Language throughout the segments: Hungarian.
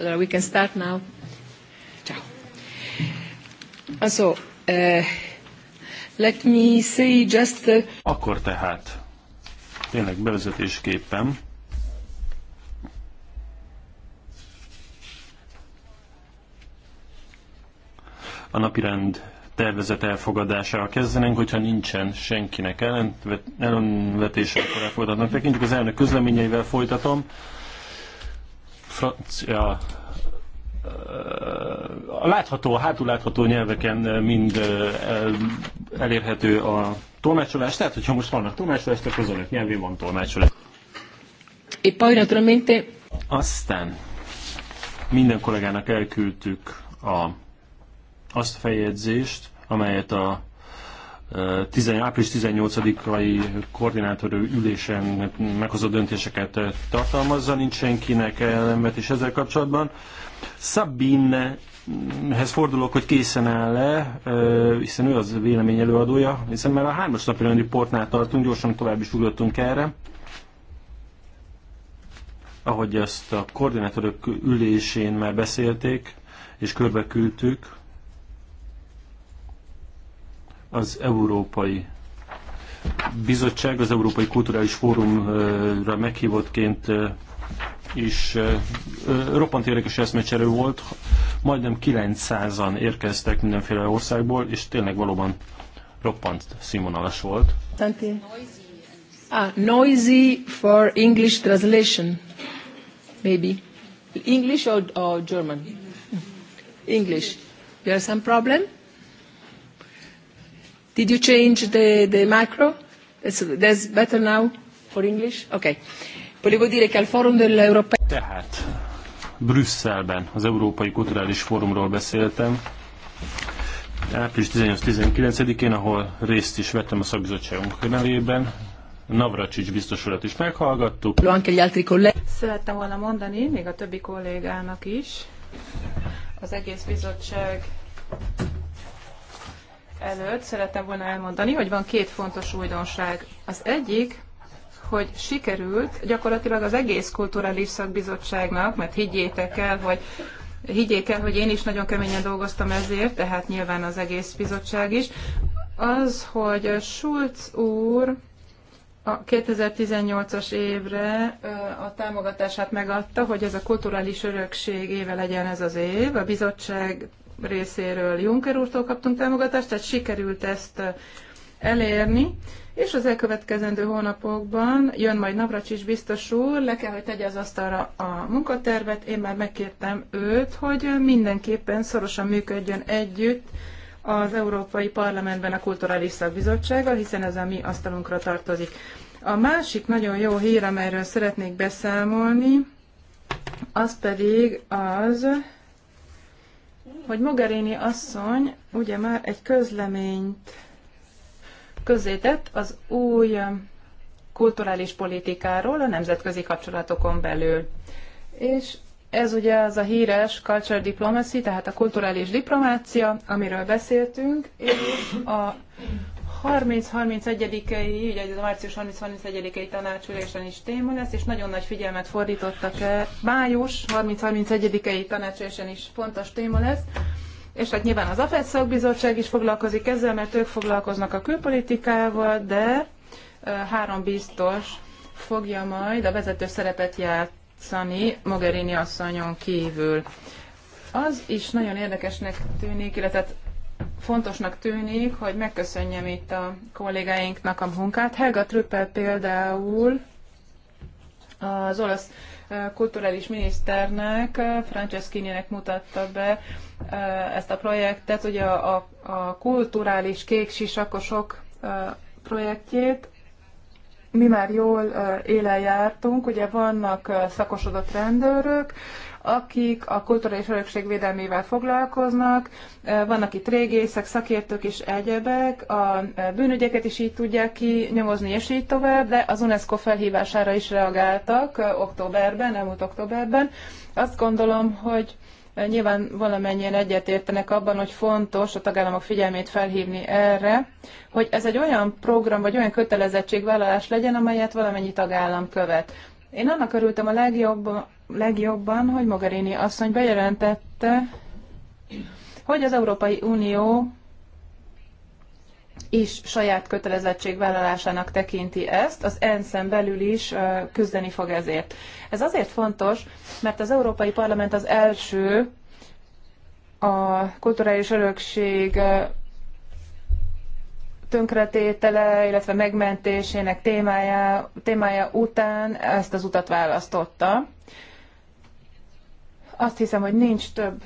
Allora, we can start now. Ciao. Also, ah, uh, eh, let me say just... Uh... Akkor tehát, tényleg bevezetésképpen, a napirend tervezet elfogadásával kezdenénk, hogyha nincsen senkinek ellenvetése, akkor elfogadatnak tekintjük. Az elnök közleményeivel folytatom francia a látható, a hátul látható nyelveken mind elérhető a tolmácsolás, tehát hogyha most vannak tolmácsolást, akkor az önök nyelvén van tolmácsolás. E poi naturalmente... Aztán minden kollégának elküldtük a, azt a feljegyzést, amelyet a április 18-ai koordinátor ülésen meghozott döntéseket tartalmazza, nincs senkinek is ezzel kapcsolatban. Sabinnehez fordulok, hogy készen áll-e, hiszen ő az vélemény előadója, hiszen már a hármas napi rendi portnál tartunk, gyorsan tovább is ugrottunk erre. Ahogy ezt a koordinátorok ülésén már beszélték, és körbe küldtük, az Európai Bizottság, az Európai Kulturális Fórumra meghívottként is roppant érdekes eszmecserő volt. Majdnem 900-an érkeztek mindenféle országból, és tényleg valóban roppant színvonalas volt. Tanti. Ah, noisy for English translation, maybe. English or, or German? English. There some problem? Did you change the, the macro? That's, that's better now for English? Okay. Volevo dire che al forum dell'Europa... Tehát, Brüsszelben az Európai Kulturális Fórumról beszéltem, április 18-19-én, ahol részt is vettem a szakbizottságunk nevében, Navracsics biztos is meghallgattuk. Szerettem volna mondani, még a többi kollégának is, az egész bizottság előtt szerettem volna elmondani, hogy van két fontos újdonság. Az egyik, hogy sikerült gyakorlatilag az egész kulturális szakbizottságnak, mert higgyétek el, hogy higgyék el, hogy én is nagyon keményen dolgoztam ezért, tehát nyilván az egész bizottság is, az, hogy Schulz úr a 2018-as évre a támogatását megadta, hogy ez a kulturális örökség éve legyen ez az év. A bizottság részéről Juncker úrtól kaptunk támogatást, tehát sikerült ezt elérni, és az elkövetkezendő hónapokban jön majd Navracsis biztos úr, le kell, hogy tegye az asztalra a munkatervet, én már megkértem őt, hogy mindenképpen szorosan működjön együtt az Európai Parlamentben a Kulturális Szakbizottsággal, hiszen ez a mi asztalunkra tartozik. A másik nagyon jó hír, amelyről szeretnék beszámolni, az pedig az, hogy Mogherini asszony ugye már egy közleményt közzétett az új kulturális politikáról a nemzetközi kapcsolatokon belül. És ez ugye az a híres culture diplomacy, tehát a kulturális diplomácia, amiről beszéltünk, és a 30-31-i, ugye ez a március 30-31-i tanácsülésen is téma lesz, és nagyon nagy figyelmet fordítottak el. Május 30-31-i tanácsülésen is fontos téma lesz, és hát nyilván az AFED szakbizottság is foglalkozik ezzel, mert ők foglalkoznak a külpolitikával, de három biztos fogja majd a vezető szerepet játszani Mogherini asszonyon kívül. Az is nagyon érdekesnek tűnik, illetve hát fontosnak tűnik, hogy megköszönjem itt a kollégáinknak a munkát. Helga Trüppel például az olasz kulturális miniszternek, Francescini-nek mutatta be ezt a projektet, ugye a, a kulturális kék sisakosok projektjét. Mi már jól élen jártunk, ugye vannak szakosodott rendőrök, akik a kultúra és örökség védelmével foglalkoznak. Vannak itt régészek, szakértők és egyebek, a bűnügyeket is így tudják nyomozni és így tovább, de az UNESCO felhívására is reagáltak októberben, elmúlt októberben. Azt gondolom, hogy Nyilván valamennyien egyetértenek abban, hogy fontos a tagállamok figyelmét felhívni erre, hogy ez egy olyan program vagy olyan kötelezettségvállalás legyen, amelyet valamennyi tagállam követ. Én annak örültem a legjobban, legjobban, hogy Mogherini asszony bejelentette, hogy az Európai Unió is saját kötelezettségvállalásának tekinti ezt, az ensz belül is küzdeni fog ezért. Ez azért fontos, mert az Európai Parlament az első a kulturális örökség tönkretétele, illetve megmentésének témája, témája után ezt az utat választotta. Azt hiszem, hogy nincs több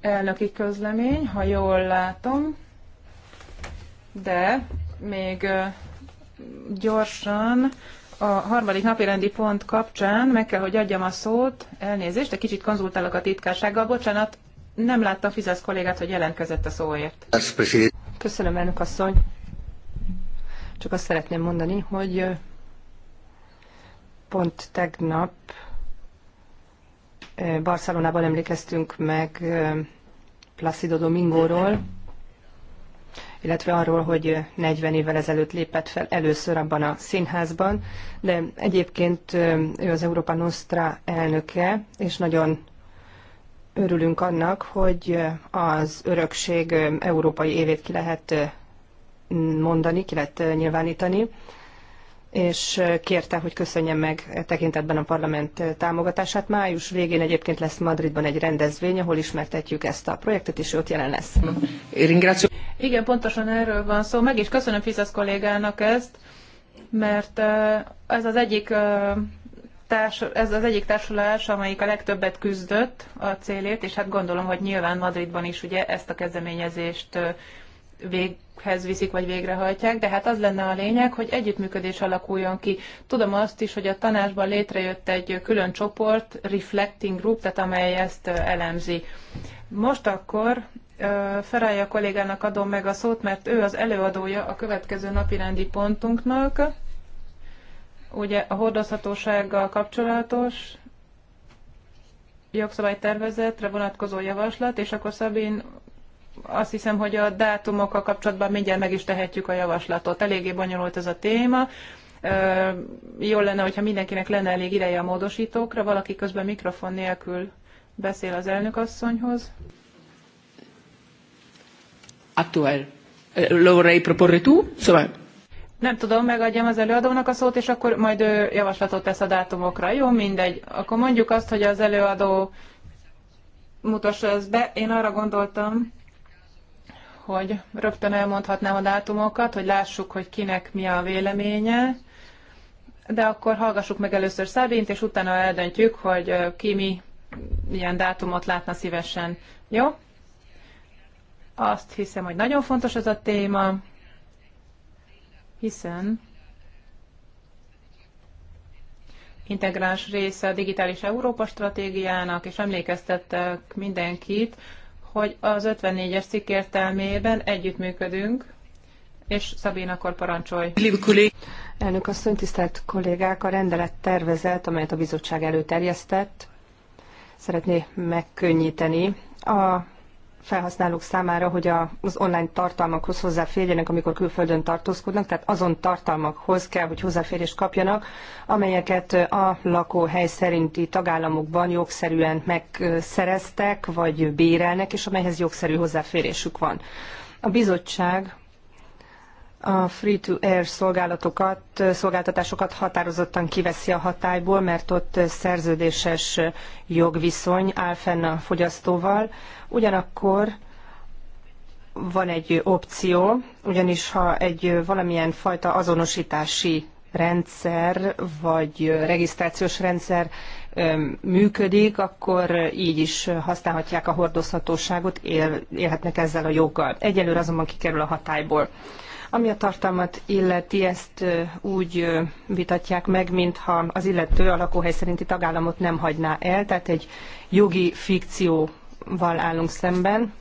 elnöki közlemény, ha jól látom, de még gyorsan a harmadik napi rendi pont kapcsán meg kell, hogy adjam a szót, elnézést, de kicsit konzultálok a titkársággal, bocsánat, nem a Fizesz kollégát, hogy jelentkezett a szóért. Köszönöm, elnök asszony. Csak azt szeretném mondani, hogy pont tegnap Barcelonában emlékeztünk meg Placido Domingóról, illetve arról, hogy 40 évvel ezelőtt lépett fel először abban a színházban, de egyébként ő az Európa Nostra elnöke, és nagyon örülünk annak, hogy az örökség európai évét ki lehet mondani, ki lehet nyilvánítani és kérte, hogy köszönjem meg tekintetben a parlament támogatását. Május végén egyébként lesz Madridban egy rendezvény, ahol ismertetjük ezt a projektet, és ott jelen lesz. Igen, pontosan erről van szó. Meg is köszönöm Fiszesz kollégának ezt, mert ez az egyik társ, ez az egyik társulás, amelyik a legtöbbet küzdött a célért, és hát gondolom, hogy nyilván Madridban is ugye ezt a kezdeményezést véghez viszik, vagy végrehajtják, de hát az lenne a lényeg, hogy együttműködés alakuljon ki. Tudom azt is, hogy a tanásban létrejött egy külön csoport, Reflecting Group, tehát amely ezt elemzi. Most akkor Ferája kollégának adom meg a szót, mert ő az előadója a következő napirendi pontunknak, ugye a hordozhatósággal kapcsolatos jogszabálytervezetre vonatkozó javaslat, és akkor Szabin azt hiszem, hogy a dátumokkal kapcsolatban mindjárt meg is tehetjük a javaslatot. Eléggé bonyolult ez a téma. Jó lenne, hogyha mindenkinek lenne elég ideje a módosítókra, valaki közben mikrofon nélkül beszél az elnök asszonyhoz. Eh, lo rei proporre tu? Szóval nem tudom, megadjam az előadónak a szót, és akkor majd ő javaslatot tesz a dátumokra. Jó, mindegy. Akkor mondjuk azt, hogy az előadó mutassa ezt be. Én arra gondoltam, hogy rögtön elmondhatnám a dátumokat, hogy lássuk, hogy kinek mi a véleménye, de akkor hallgassuk meg először Szabint, és utána eldöntjük, hogy ki mi milyen dátumot látna szívesen. Jó? Azt hiszem, hogy nagyon fontos ez a téma, hiszen integráns része a digitális Európa stratégiának, és emlékeztettek mindenkit, hogy az 54-es cikk értelmében együttműködünk, és Szabina, akkor parancsolj. Elnök asszony, tisztelt kollégák, a rendelet tervezet, amelyet a bizottság előterjesztett, szeretné megkönnyíteni a felhasználók számára, hogy a, az online tartalmakhoz hozzáférjenek, amikor külföldön tartózkodnak, tehát azon tartalmakhoz kell, hogy hozzáférést kapjanak, amelyeket a lakóhely szerinti tagállamokban jogszerűen megszereztek, vagy bérelnek, és amelyhez jogszerű hozzáférésük van. A bizottság a free-to-air szolgálatokat, szolgáltatásokat határozottan kiveszi a hatályból, mert ott szerződéses jogviszony áll fenn a fogyasztóval. Ugyanakkor van egy opció, ugyanis ha egy valamilyen fajta azonosítási rendszer vagy regisztrációs rendszer működik, akkor így is használhatják a hordozhatóságot, él, élhetnek ezzel a joggal. Egyelőre azonban kikerül a hatályból. Ami a tartalmat illeti, ezt úgy vitatják meg, mintha az illető a lakóhely szerinti tagállamot nem hagyná el, tehát egy jogi fikcióval állunk szemben.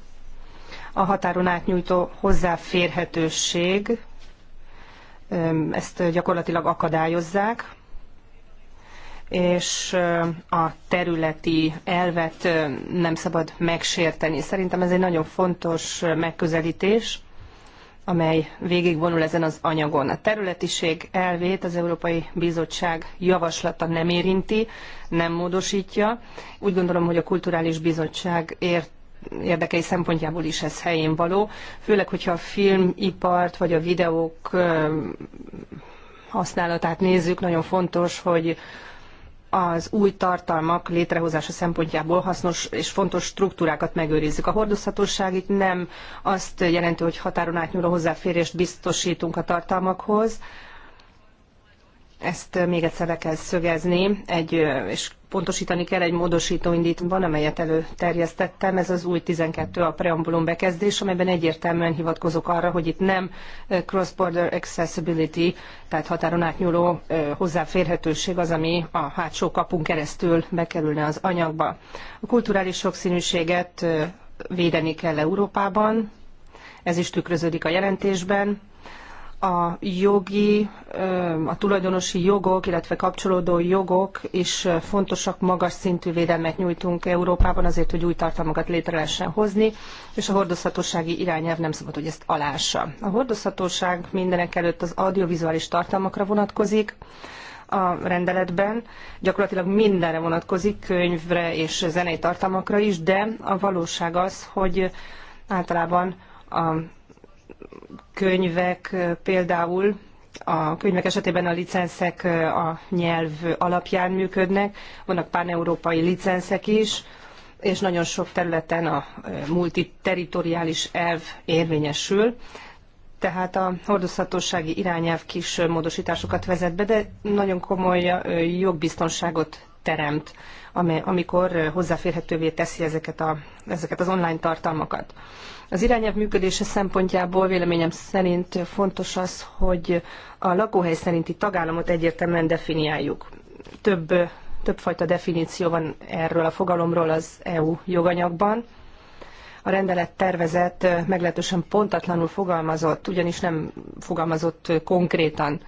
A határon átnyújtó hozzáférhetőség, ezt gyakorlatilag akadályozzák, és a területi elvet nem szabad megsérteni. Szerintem ez egy nagyon fontos megközelítés amely végigvonul ezen az anyagon. A területiség elvét az Európai Bizottság javaslata nem érinti, nem módosítja. Úgy gondolom, hogy a Kulturális Bizottság ért érdekei szempontjából is ez helyén való, főleg, hogyha a filmipart vagy a videók használatát nézzük, nagyon fontos, hogy az új tartalmak létrehozása szempontjából hasznos és fontos struktúrákat megőrizzük. A hordozhatóság itt nem azt jelenti, hogy határon átnyúló hozzáférést biztosítunk a tartalmakhoz, ezt még egyszer le kell szögezni, egy, és pontosítani kell egy módosító indítban, amelyet előterjesztettem. Ez az új 12 a preambulum bekezdés, amelyben egyértelműen hivatkozok arra, hogy itt nem cross-border accessibility, tehát határon átnyúló hozzáférhetőség az, ami a hátsó kapunk keresztül bekerülne az anyagba. A kulturális sokszínűséget védeni kell Európában, ez is tükröződik a jelentésben, a jogi, a tulajdonosi jogok, illetve kapcsolódó jogok is fontosak, magas szintű védelmet nyújtunk Európában azért, hogy új tartalmakat létre lehessen hozni, és a hordozhatósági irányelv nem szabad, hogy ezt alássa. A hordozhatóság mindenek előtt az audiovizuális tartalmakra vonatkozik, a rendeletben gyakorlatilag mindenre vonatkozik, könyvre és zenei tartalmakra is, de a valóság az, hogy általában a könyvek például, a könyvek esetében a licenszek a nyelv alapján működnek, vannak páneurópai licenszek is, és nagyon sok területen a multiterritoriális elv érvényesül. Tehát a hordozhatósági irányelv kis módosításokat vezet be, de nagyon komoly jogbiztonságot teremt, amikor hozzáférhetővé teszi ezeket, a, ezeket az online tartalmakat. Az irányelv működése szempontjából véleményem szerint fontos az, hogy a lakóhely szerinti tagállamot egyértelműen definiáljuk. Több, többfajta definíció van erről a fogalomról az EU joganyagban. A rendelet tervezett, meglehetősen pontatlanul fogalmazott, ugyanis nem fogalmazott konkrétan.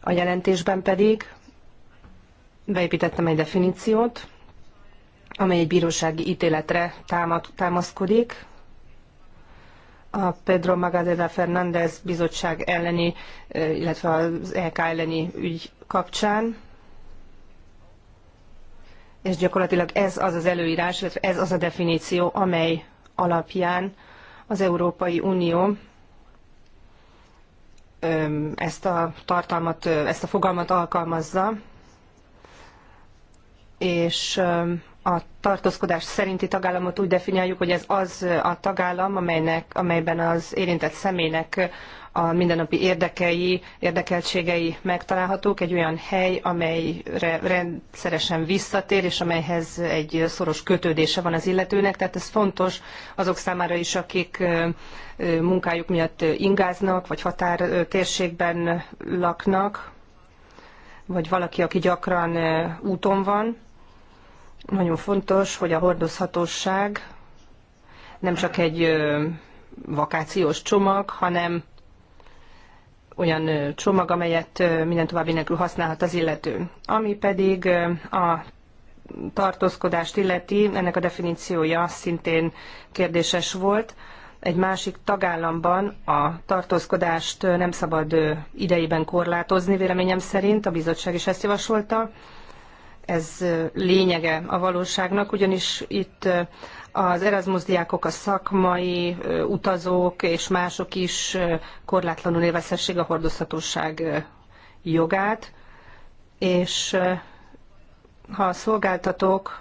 A jelentésben pedig beépítettem egy definíciót, amely egy bírósági ítéletre támaszkodik, a Pedro Magadena Fernández bizottság elleni, illetve az EK elleni ügy kapcsán, és gyakorlatilag ez az az előírás, illetve ez az a definíció, amely alapján az Európai Unió ezt a tartalmat, ezt a fogalmat alkalmazza, és a tartózkodás szerinti tagállamot úgy definiáljuk, hogy ez az a tagállam, amelynek, amelyben az érintett személynek a mindennapi érdekei, érdekeltségei megtalálhatók, egy olyan hely, amelyre rendszeresen visszatér, és amelyhez egy szoros kötődése van az illetőnek, tehát ez fontos azok számára is, akik munkájuk miatt ingáznak, vagy határtérségben laknak, vagy valaki, aki gyakran úton van, nagyon fontos, hogy a hordozhatóság nem csak egy vakációs csomag, hanem olyan csomag, amelyet minden további nélkül használhat az illető. Ami pedig a tartózkodást illeti, ennek a definíciója szintén kérdéses volt. Egy másik tagállamban a tartózkodást nem szabad idejében korlátozni, véleményem szerint, a bizottság is ezt javasolta ez lényege a valóságnak, ugyanis itt az Erasmus diákok, a szakmai utazók és mások is korlátlanul élvezhessék a hordozhatóság jogát, és ha a szolgáltatók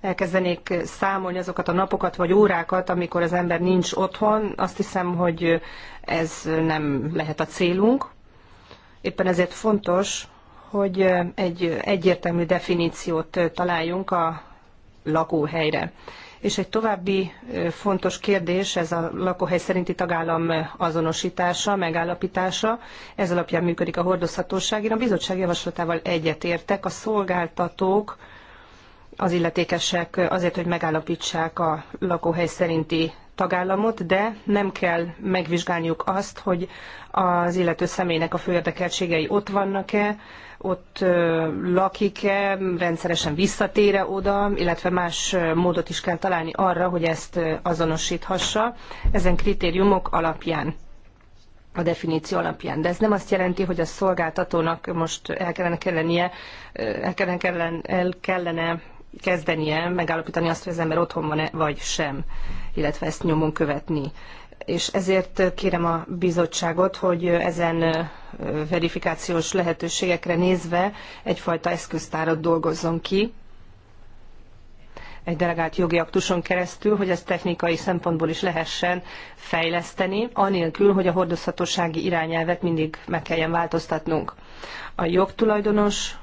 elkezdenék számolni azokat a napokat vagy órákat, amikor az ember nincs otthon, azt hiszem, hogy ez nem lehet a célunk. Éppen ezért fontos, hogy egy egyértelmű definíciót találjunk a lakóhelyre. És egy további fontos kérdés, ez a lakóhely szerinti tagállam azonosítása, megállapítása. Ez alapján működik a hordozhatóság. Én a bizottság javaslatával egyetértek. A szolgáltatók az illetékesek azért, hogy megállapítsák a lakóhely szerinti tagállamot, de nem kell megvizsgálniuk azt, hogy az illető személynek a főérdekeltségei ott vannak-e, ott lakik-e, rendszeresen visszatére oda, illetve más módot is kell találni arra, hogy ezt azonosíthassa ezen kritériumok alapján a definíció alapján. De ez nem azt jelenti, hogy a szolgáltatónak most el kellene, kellenie, el kellene, kellene, el kellene kezdenie megállapítani azt, hogy az ember otthon van-e, vagy sem illetve ezt nyomon követni. És ezért kérem a bizottságot, hogy ezen verifikációs lehetőségekre nézve egyfajta eszköztárat dolgozzon ki, egy delegált jogi aktuson keresztül, hogy ezt technikai szempontból is lehessen fejleszteni, anélkül, hogy a hordozhatósági irányelvet mindig meg kelljen változtatnunk. A jogtulajdonos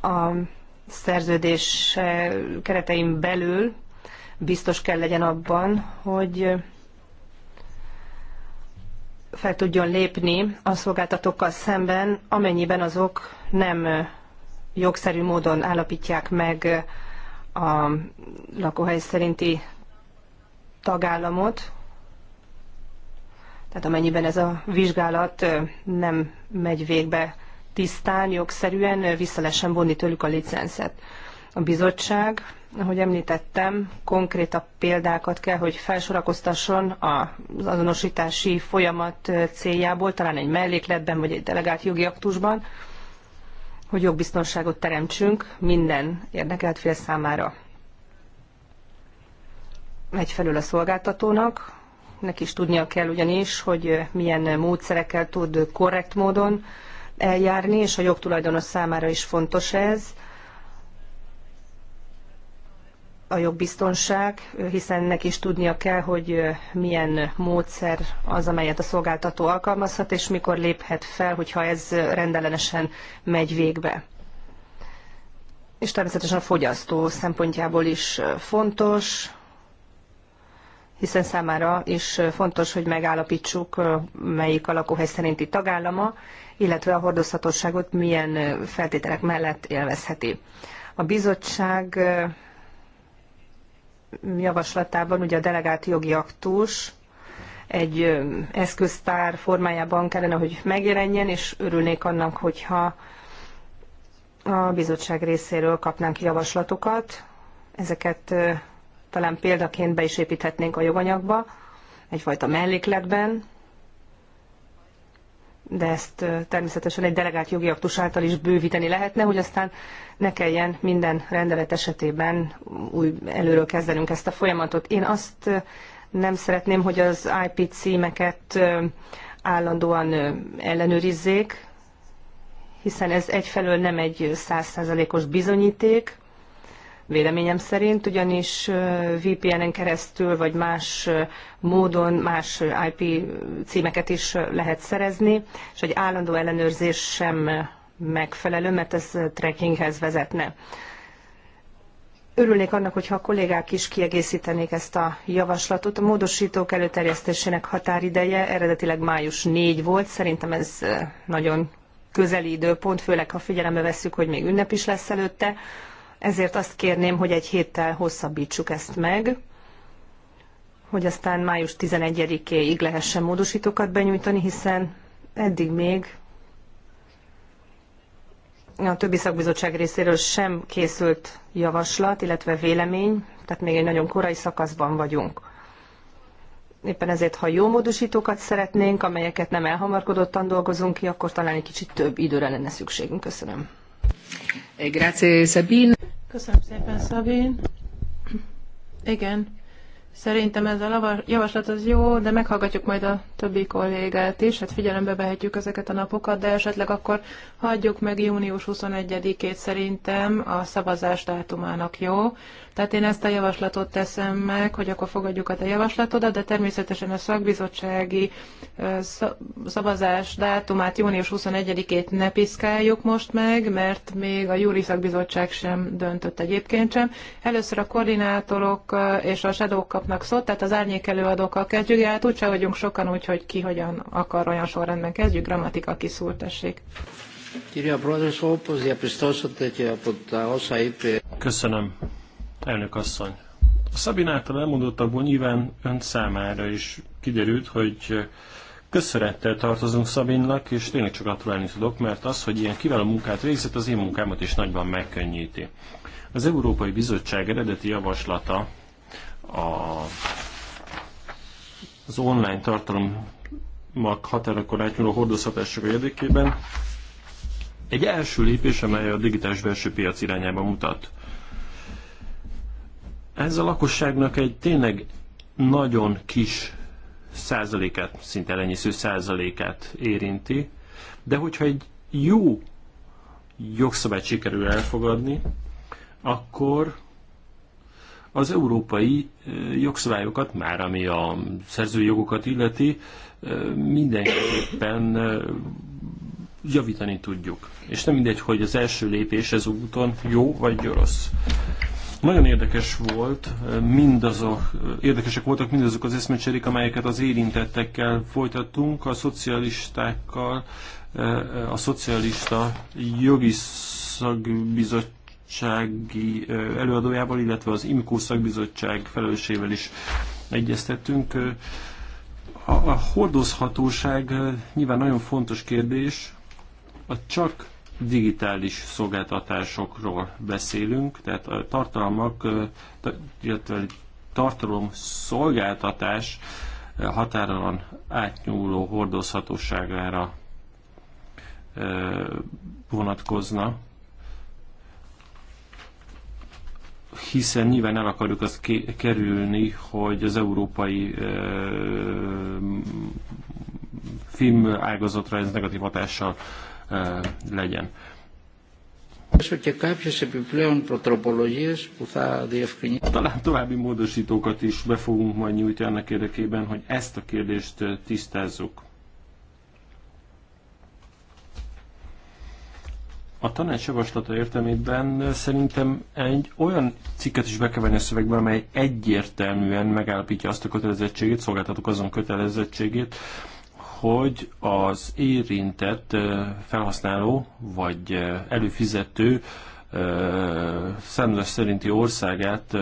a szerződés keretein belül biztos kell legyen abban, hogy fel tudjon lépni a szolgáltatókkal szemben, amennyiben azok nem jogszerű módon állapítják meg a lakóhely szerinti tagállamot, tehát amennyiben ez a vizsgálat nem megy végbe tisztán, jogszerűen vissza lehessen vonni tőlük a licenszet. A bizottság, ahogy említettem, konkrétabb példákat kell, hogy felsorakoztasson az azonosítási folyamat céljából, talán egy mellékletben vagy egy delegált jogi aktusban, hogy jogbiztonságot teremtsünk minden érdekelt fél számára. Egyfelől a szolgáltatónak, neki is tudnia kell ugyanis, hogy milyen módszerekkel tud korrekt módon eljárni, és a jogtulajdonos számára is fontos ez, a jogbiztonság, hiszen neki is tudnia kell, hogy milyen módszer az, amelyet a szolgáltató alkalmazhat, és mikor léphet fel, hogyha ez rendellenesen megy végbe. És természetesen a fogyasztó szempontjából is fontos, hiszen számára is fontos, hogy megállapítsuk, melyik a lakóhely szerinti tagállama, illetve a hordozhatóságot milyen feltételek mellett élvezheti. A bizottság javaslatában ugye a delegált jogi aktus egy eszköztár formájában kellene, hogy megjelenjen, és örülnék annak, hogyha a bizottság részéről kapnánk javaslatokat. Ezeket talán példaként be is építhetnénk a joganyagba, egyfajta mellékletben, de ezt természetesen egy delegált jogi aktus által is bővíteni lehetne, hogy aztán ne kelljen minden rendelet esetében új előről kezdenünk ezt a folyamatot. Én azt nem szeretném, hogy az IP címeket állandóan ellenőrizzék, hiszen ez egyfelől nem egy százszázalékos bizonyíték, véleményem szerint, ugyanis VPN-en keresztül vagy más módon más IP címeket is lehet szerezni, és egy állandó ellenőrzés sem megfelelő, mert ez trackinghez vezetne. Örülnék annak, hogyha a kollégák is kiegészítenék ezt a javaslatot. A módosítók előterjesztésének határideje eredetileg május 4 volt, szerintem ez nagyon közeli időpont, főleg ha figyelembe vesszük, hogy még ünnep is lesz előtte. Ezért azt kérném, hogy egy héttel hosszabbítsuk ezt meg, hogy aztán május 11-éig lehessen módosítókat benyújtani, hiszen eddig még a többi szakbizottság részéről sem készült javaslat, illetve vélemény, tehát még egy nagyon korai szakaszban vagyunk. Éppen ezért, ha jó módosítókat szeretnénk, amelyeket nem elhamarkodottan dolgozunk ki, akkor talán egy kicsit több időre lenne szükségünk. Köszönöm. Grazie, Sabine. Köszönöm szépen, Szabin. Igen, Szerintem ez a javaslat az jó, de meghallgatjuk majd a többi kollégát is, hát figyelembe vehetjük ezeket a napokat, de esetleg akkor hagyjuk meg június 21-ét szerintem a szavazás dátumának, jó? Tehát én ezt a javaslatot teszem meg, hogy akkor fogadjuk a te javaslatodat, de természetesen a szakbizottsági szavazás dátumát június 21-ét ne piszkáljuk most meg, mert még a júri szakbizottság sem döntött egyébként sem. Először a koordinátorok és a shadow előadóknak szót, tehát az árnyék előadókkal kezdjük, de hát úgyse vagyunk sokan, úgyhogy ki hogyan akar olyan sorrendben kezdjük, grammatika kiszúrtessék. Köszönöm, elnök asszony. A Szabin által elmondottakból nyilván ön számára is kiderült, hogy köszönettel tartozunk Szabinnak, és tényleg csak gratulálni tudok, mert az, hogy ilyen kiváló munkát végzett, az én munkámat is nagyban megkönnyíti. Az Európai Bizottság eredeti javaslata a, az online mag határokon átnyúló hordozhatások érdekében egy első lépés, amely a digitális belső piac irányába mutat. Ez a lakosságnak egy tényleg nagyon kis százalékát, szinte elenyésző százalékát érinti, de hogyha egy jó jogszabályt sikerül elfogadni, akkor az európai jogszabályokat, már ami a szerzői jogokat illeti, mindenképpen javítani tudjuk. És nem mindegy, hogy az első lépés ez úton jó vagy rossz. Nagyon érdekes volt, mindazok, érdekesek voltak mindazok az eszmecserék, amelyeket az érintettekkel folytattunk, a szocialistákkal, a szocialista jogi szagbizottság bizottsági előadójával, illetve az IMKO szakbizottság felelősével is egyeztettünk. A, a hordozhatóság nyilván nagyon fontos kérdés, a csak digitális szolgáltatásokról beszélünk, tehát a tartalmak, illetve tartalom szolgáltatás határon átnyúló hordozhatóságára vonatkozna. hiszen nyilván el akarjuk azt kerülni, hogy az európai film ágazatra ez negatív hatással legyen. Talán további módosítókat is be fogunk majd nyújtani annak érdekében, hogy ezt a kérdést tisztázzuk. a tanács javaslata értelmében szerintem egy olyan cikket is be kell venni a szövegbe, amely egyértelműen megállapítja azt a kötelezettségét, szolgáltatók azon kötelezettségét, hogy az érintett felhasználó vagy előfizető számlás szerinti országát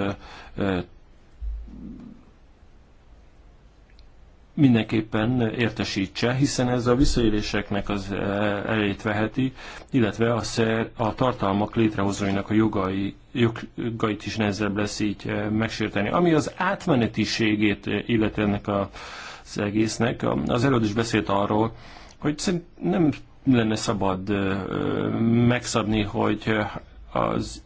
mindenképpen értesítse, hiszen ez a visszaéléseknek az eh, elejét veheti, illetve a, szer, a tartalmak létrehozóinak a jogai, jogait is nehezebb lesz így eh, megsérteni. Ami az átmenetiségét eh, illeti ennek az egésznek, az előtt is beszélt arról, hogy nem lenne szabad megszabni, hogy az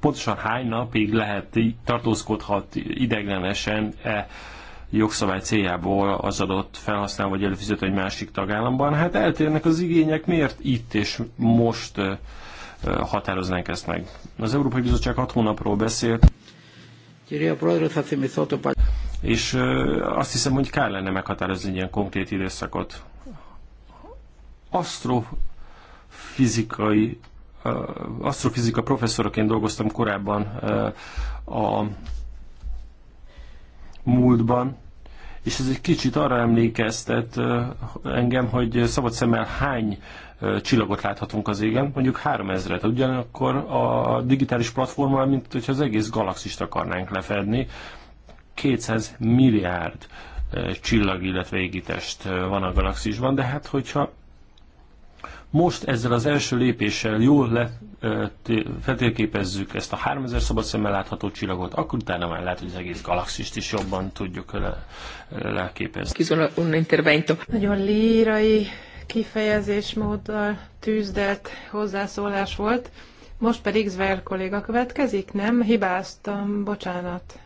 pontosan hány napig lehet tartózkodhat ideglenesen e jogszabály céljából az adott felhasználó vagy előfizető egy másik tagállamban. Hát eltérnek az igények, miért itt és most határoznánk ezt meg. Az Európai Bizottság hat hónapról beszélt. És azt hiszem, hogy kár lenne meghatározni ilyen konkrét időszakot. Asztrofizikai, asztrofizika professzoroként dolgoztam korábban a múltban, és ez egy kicsit arra emlékeztet engem, hogy szabad szemmel hány csillagot láthatunk az égen, mondjuk 3000-et. Ugyanakkor a digitális platformmal, mint hogyha az egész galaxist akarnánk lefedni, 200 milliárd csillag, illetve égitest van a galaxisban, de hát hogyha most ezzel az első lépéssel jól le, eh, feltérképezzük ezt a 3000 szabad szemmel látható csillagot, akkor utána már lehet, hogy az egész galaxist is jobban tudjuk le, leképezni. Nagyon lírai kifejezésmóddal tűzdelt hozzászólás volt. Most pedig Zver kolléga következik, nem? Hibáztam, bocsánat.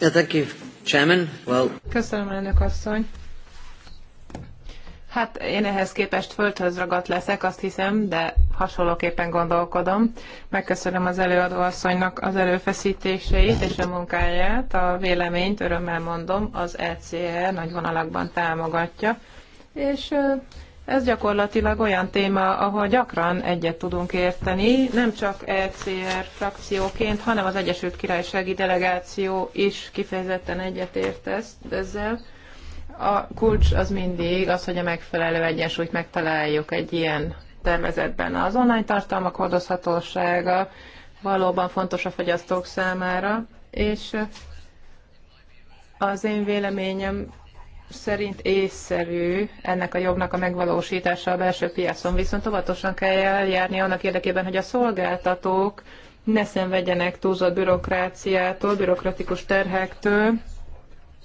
Yeah, thank you, Chairman. Well... Köszönöm, elnök asszony. Hát én ehhez képest földhöz ragadt leszek, azt hiszem, de hasonlóképpen gondolkodom. Megköszönöm az előadó asszonynak az előfeszítéseit és a munkáját. A véleményt örömmel mondom, az ECR nagy vonalakban támogatja. És ez gyakorlatilag olyan téma, ahol gyakran egyet tudunk érteni, nem csak ECR frakcióként, hanem az Egyesült Királysági Delegáció is kifejezetten egyetért ezt ezzel a kulcs az mindig az, hogy a megfelelő egyensúlyt megtaláljuk egy ilyen tervezetben. Az online tartalmak hordozhatósága valóban fontos a fogyasztók számára, és az én véleményem szerint észszerű ennek a jognak a megvalósítása a belső piacon, viszont óvatosan kell eljárni annak érdekében, hogy a szolgáltatók ne szenvedjenek túlzott bürokráciától, bürokratikus terhektől,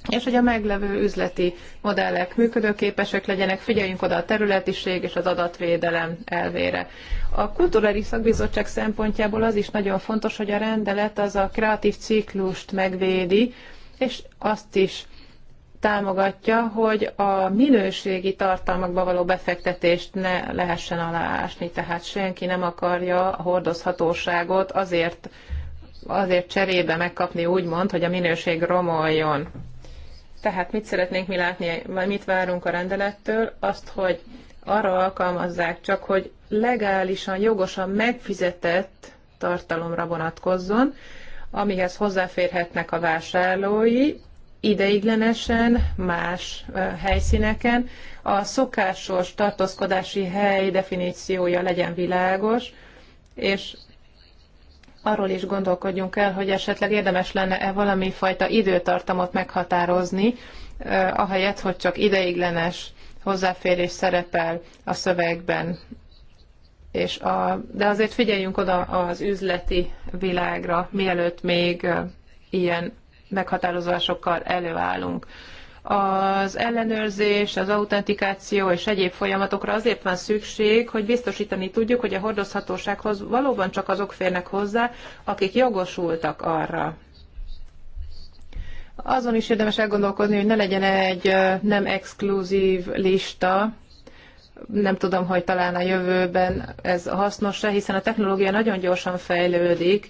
és hogy a meglevő üzleti modellek működőképesek legyenek, figyeljünk oda a területiség és az adatvédelem elvére. A Kulturális Szakbizottság szempontjából az is nagyon fontos, hogy a rendelet az a kreatív ciklust megvédi, és azt is támogatja, hogy a minőségi tartalmakba való befektetést ne lehessen aláásni, tehát senki nem akarja a hordozhatóságot azért, azért cserébe megkapni úgymond, hogy a minőség romoljon. Tehát mit szeretnénk mi látni, vagy mit várunk a rendelettől? Azt, hogy arra alkalmazzák csak, hogy legálisan, jogosan megfizetett tartalomra vonatkozzon, amihez hozzáférhetnek a vásárlói, ideiglenesen, más helyszíneken. A szokásos tartózkodási hely definíciója legyen világos, és arról is gondolkodjunk el, hogy esetleg érdemes lenne-e valami fajta időtartamot meghatározni, ahelyett, hogy csak ideiglenes hozzáférés szerepel a szövegben. És a, de azért figyeljünk oda az üzleti világra, mielőtt még ilyen meghatározásokkal előállunk az ellenőrzés, az autentikáció és egyéb folyamatokra azért van szükség, hogy biztosítani tudjuk, hogy a hordozhatósághoz valóban csak azok férnek hozzá, akik jogosultak arra. Azon is érdemes elgondolkozni, hogy ne legyen egy nem exkluzív lista, nem tudom, hogy talán a jövőben ez hasznos-e, hiszen a technológia nagyon gyorsan fejlődik,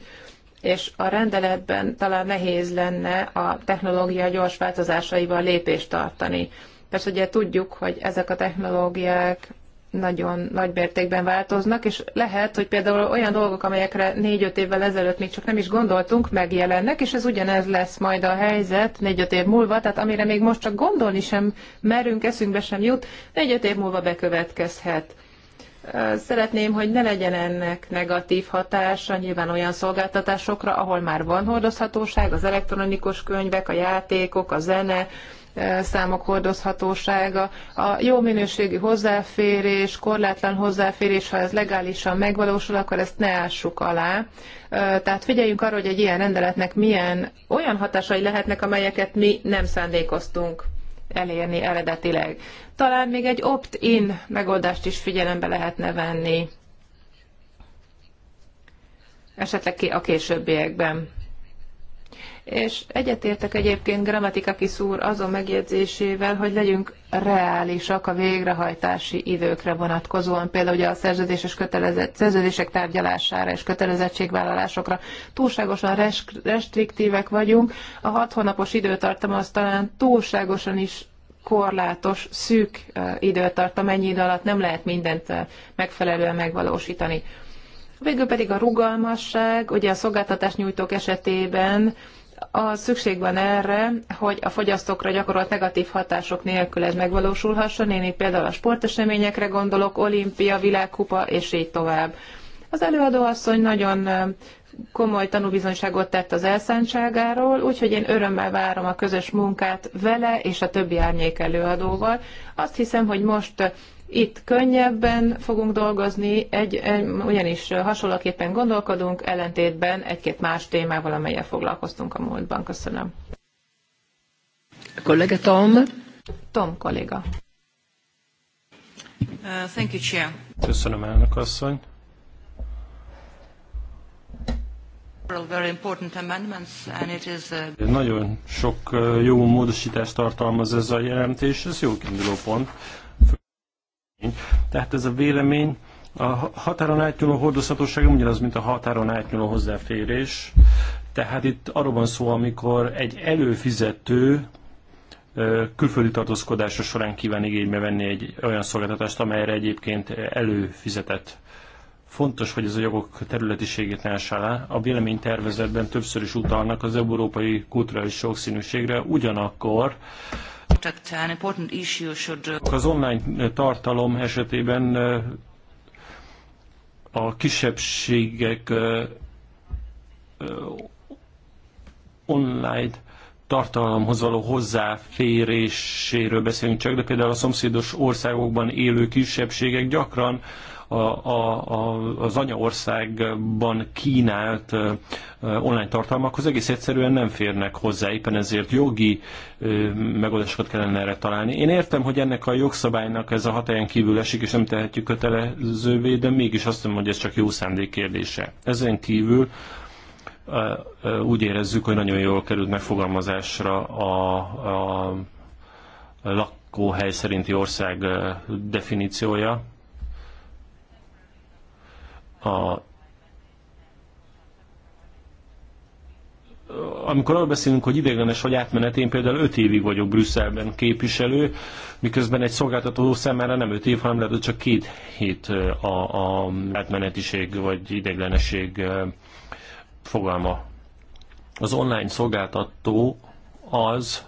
és a rendeletben talán nehéz lenne a technológia gyors változásaival lépést tartani. Persze ugye tudjuk, hogy ezek a technológiák nagyon nagy mértékben változnak, és lehet, hogy például olyan dolgok, amelyekre négy-öt évvel ezelőtt még csak nem is gondoltunk, megjelennek, és ez ugyanez lesz majd a helyzet négy-öt év múlva, tehát amire még most csak gondolni sem merünk, eszünkbe sem jut, négy-öt év múlva bekövetkezhet szeretném, hogy ne legyen ennek negatív hatása nyilván olyan szolgáltatásokra, ahol már van hordozhatóság, az elektronikus könyvek, a játékok, a zene, e, számok hordozhatósága, a jó minőségű hozzáférés, korlátlan hozzáférés, ha ez legálisan megvalósul, akkor ezt ne ássuk alá. E, tehát figyeljünk arra, hogy egy ilyen rendeletnek milyen olyan hatásai lehetnek, amelyeket mi nem szándékoztunk elérni eredetileg. Talán még egy opt-in megoldást is figyelembe lehetne venni, esetleg a későbbiekben és egyetértek egyébként Grammatika Kiszúr azon megjegyzésével, hogy legyünk reálisak a végrehajtási időkre vonatkozóan, például ugye a szerződéses kötelezett, szerződések tárgyalására és kötelezettségvállalásokra túlságosan restriktívek vagyunk, a hat hónapos időtartam az talán túlságosan is korlátos, szűk időtartam, ennyi idő alatt nem lehet mindent megfelelően megvalósítani. Végül pedig a rugalmasság, ugye a nyújtók esetében a szükség van erre, hogy a fogyasztókra gyakorolt negatív hatások nélkül ez megvalósulhasson. Én itt például a sporteseményekre gondolok, olimpia, világkupa, és így tovább. Az előadó asszony nagyon komoly tanúbizonyságot tett az elszántságáról, úgyhogy én örömmel várom a közös munkát vele és a többi árnyék előadóval. Azt hiszem, hogy most itt könnyebben fogunk dolgozni, egy, egy, ugyanis hasonlóképpen gondolkodunk, ellentétben egy-két más témával, amelyel foglalkoztunk a múltban. Köszönöm. Kollega Tom. Tom kolléga. Uh, thank you, Chair. Köszönöm, elnök asszony. Uh, nagyon sok uh, jó módosítást tartalmaz ez a jelentés, ez jó kiinduló pont. Tehát ez a vélemény a határon átnyúló hordozhatóság ugyanaz, mint a határon átnyúló hozzáférés. Tehát itt arról van szó, amikor egy előfizető külföldi tartózkodása során kíván igénybe venni egy olyan szolgáltatást, amelyre egyébként előfizetett. Fontos, hogy ez a jogok területiségét ne alá. A véleménytervezetben többször is utalnak az európai kulturális sokszínűségre, ugyanakkor Uh, Az online uh, tartalom esetében uh, a kisebbségek online tartalomhoz való hozzáféréséről beszélünk csak, de például a szomszédos országokban élő kisebbségek gyakran a, a, az anyaországban kínált online tartalmakhoz egész egyszerűen nem férnek hozzá, éppen ezért jogi megoldásokat kellene erre találni. Én értem, hogy ennek a jogszabálynak ez a hatályon kívül esik, és nem tehetjük kötelezővé, de mégis azt mondom, hogy ez csak jó szándék kérdése. Ezen kívül úgy érezzük, hogy nagyon jól került megfogalmazásra a, a lakóhely szerinti ország definíciója a amikor arról beszélünk, hogy ideiglenes vagy átmenet, én például 5 évig vagyok Brüsszelben képviselő, miközben egy szolgáltató számára nem 5 év, hanem lehet, hogy csak két hét a, a átmenetiség vagy ideiglenesség fogalma. Az online szolgáltató az,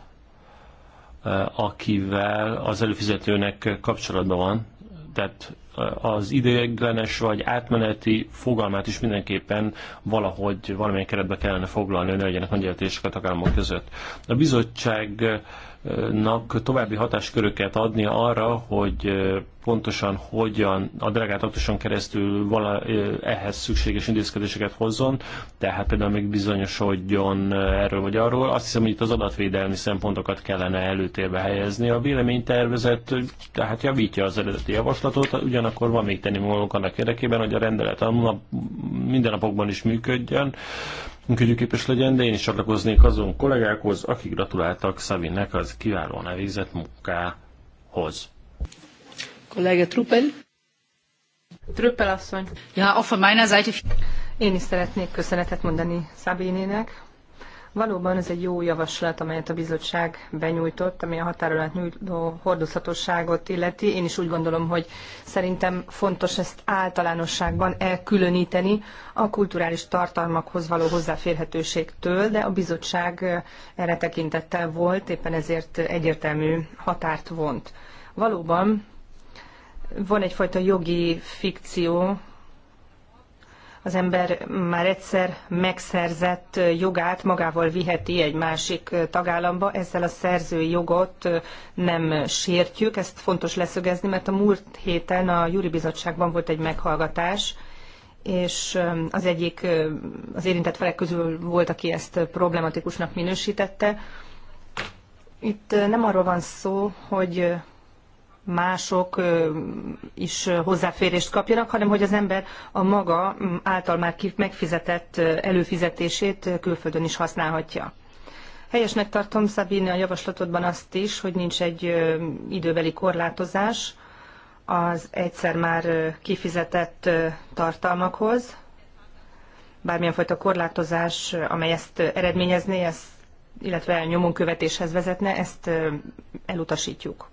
akivel az előfizetőnek kapcsolatban van, tehát az ideiglenes vagy átmeneti fogalmát is mindenképpen valahogy valamilyen keretbe kellene foglalni, hogy ne legyenek nagy a tagállamok között. A bizottság további hatásköröket adni arra, hogy pontosan hogyan a delegált keresztül vala, ehhez szükséges intézkedéseket hozzon, tehát például még bizonyosodjon erről vagy arról. Azt hiszem, hogy itt az adatvédelmi szempontokat kellene előtérbe helyezni. A véleménytervezet tehát javítja az eredeti javaslatot, ugyan ugyanakkor van még tenni magunk annak érdekében, hogy a rendelet a nap, minden napokban is működjön, működőképes legyen, de én is csatlakoznék azon kollégákhoz, akik gratuláltak Szavinnek az kiválóan elvégzett munkához. Kolléga Truppel? Truppel asszony. Ja, von meiner Seite. Én is szeretnék köszönetet mondani Szabénének Valóban ez egy jó javaslat, amelyet a bizottság benyújtott, ami a határolat nyújtó hordozhatóságot illeti. Én is úgy gondolom, hogy szerintem fontos ezt általánosságban elkülöníteni a kulturális tartalmakhoz való hozzáférhetőségtől, de a bizottság erre tekintettel volt, éppen ezért egyértelmű határt vont. Valóban van egyfajta jogi fikció az ember már egyszer megszerzett jogát magával viheti egy másik tagállamba, ezzel a szerzői jogot nem sértjük, ezt fontos leszögezni, mert a múlt héten a Júri Bizottságban volt egy meghallgatás, és um, az egyik um, az érintett felek közül volt, aki ezt problematikusnak minősítette. Itt uh, nem arról van szó, hogy uh, mások is hozzáférést kapjanak, hanem hogy az ember a maga által már megfizetett előfizetését külföldön is használhatja. Helyesnek tartom, szabini a javaslatodban azt is, hogy nincs egy időbeli korlátozás az egyszer már kifizetett tartalmakhoz. Bármilyen fajta korlátozás, amely ezt eredményezné, ezt, illetve nyomon követéshez vezetne, ezt elutasítjuk.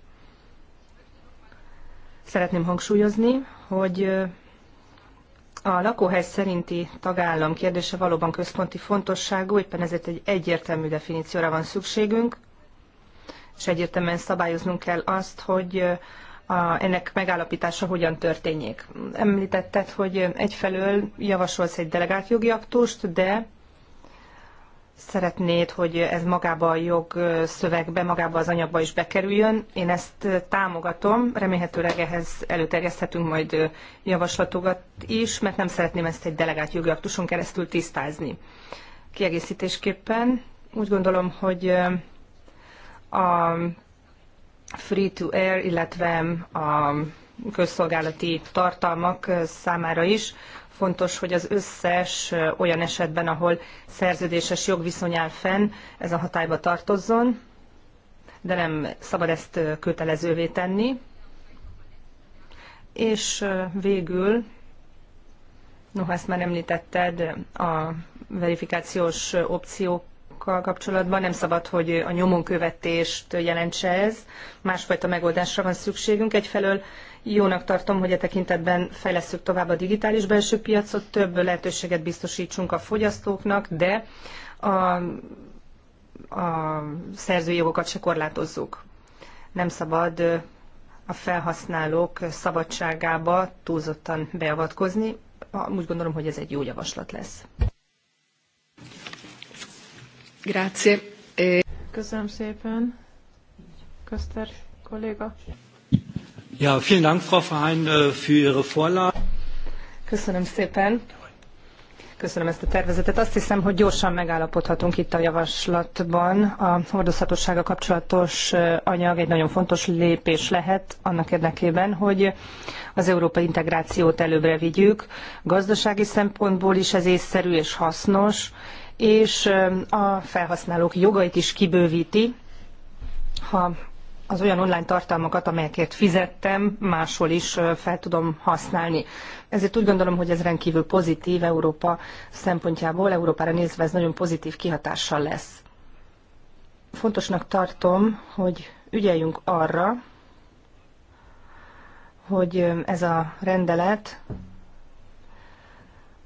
Szeretném hangsúlyozni, hogy a lakóhely szerinti tagállam kérdése valóban központi fontosságú, éppen ezért egy egyértelmű definícióra van szükségünk, és egyértelműen szabályoznunk kell azt, hogy a, ennek megállapítása hogyan történjék. Említetted, hogy egyfelől javasolsz egy delegált jogi aktust, de szeretnéd, hogy ez magába a jogszövegbe, magába az anyagba is bekerüljön. Én ezt támogatom, remélhetőleg ehhez előterjeszthetünk majd javaslatokat is, mert nem szeretném ezt egy delegált jogi aktuson keresztül tisztázni. Kiegészítésképpen úgy gondolom, hogy a free to air, illetve a közszolgálati tartalmak számára is Fontos, hogy az összes olyan esetben, ahol szerződéses jogviszony áll fenn, ez a hatályba tartozzon, de nem szabad ezt kötelezővé tenni. És végül, noha ezt már említetted, a verifikációs opciók jogokkal kapcsolatban nem szabad, hogy a nyomonkövetést jelentse ez. Másfajta megoldásra van szükségünk. Egyfelől jónak tartom, hogy a e tekintetben fejlesztjük tovább a digitális belső piacot, több lehetőséget biztosítsunk a fogyasztóknak, de a, a szerzői jogokat se korlátozzuk. Nem szabad a felhasználók szabadságába túlzottan beavatkozni. Úgy gondolom, hogy ez egy jó javaslat lesz. Grazie. Eh, Köszönöm szépen. Köszter kolléga. Ja, vielen Dank, Frau Verheyen, äh, für Ihre Vorlage. Köszönöm szépen. Köszönöm ezt a tervezetet. Azt hiszem, hogy gyorsan megállapodhatunk itt a javaslatban. A hordozhatósága kapcsolatos anyag egy nagyon fontos lépés lehet annak érdekében, hogy az európai integrációt előbbre vigyük. Gazdasági szempontból is ez észszerű és hasznos, és a felhasználók jogait is kibővíti, ha az olyan online tartalmakat, amelyekért fizettem, máshol is fel tudom használni. Ezért úgy gondolom, hogy ez rendkívül pozitív Európa szempontjából, Európára nézve ez nagyon pozitív kihatással lesz. Fontosnak tartom, hogy ügyeljünk arra, hogy ez a rendelet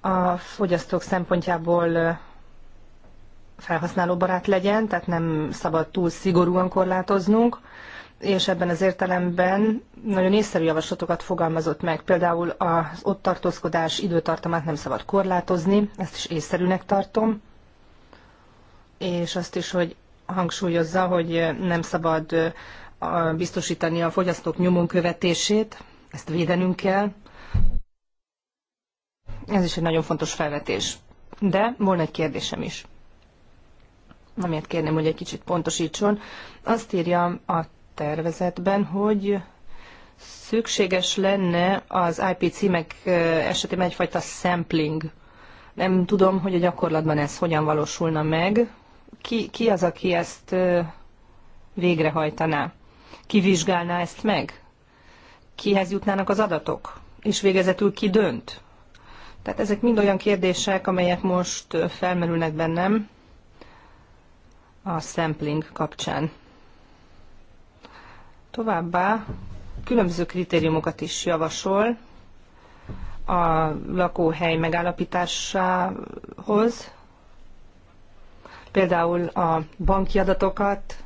a fogyasztók szempontjából felhasználóbarát legyen, tehát nem szabad túl szigorúan korlátoznunk, és ebben az értelemben nagyon észszerű javaslatokat fogalmazott meg. Például az ott tartózkodás időtartamát nem szabad korlátozni, ezt is észszerűnek tartom, és azt is, hogy hangsúlyozza, hogy nem szabad biztosítani a fogyasztók nyomon követését, ezt védenünk kell. Ez is egy nagyon fontos felvetés. De volna egy kérdésem is amiért kérném, hogy egy kicsit pontosítson. Azt írja a tervezetben, hogy szükséges lenne az IP címek esetében egyfajta sampling. Nem tudom, hogy a gyakorlatban ez hogyan valósulna meg. Ki, ki az, aki ezt végrehajtaná? Ki vizsgálná ezt meg? Kihez jutnának az adatok? És végezetül ki dönt? Tehát ezek mind olyan kérdések, amelyek most felmerülnek bennem, a sampling kapcsán. Továbbá különböző kritériumokat is javasol a lakóhely megállapításához, például a banki adatokat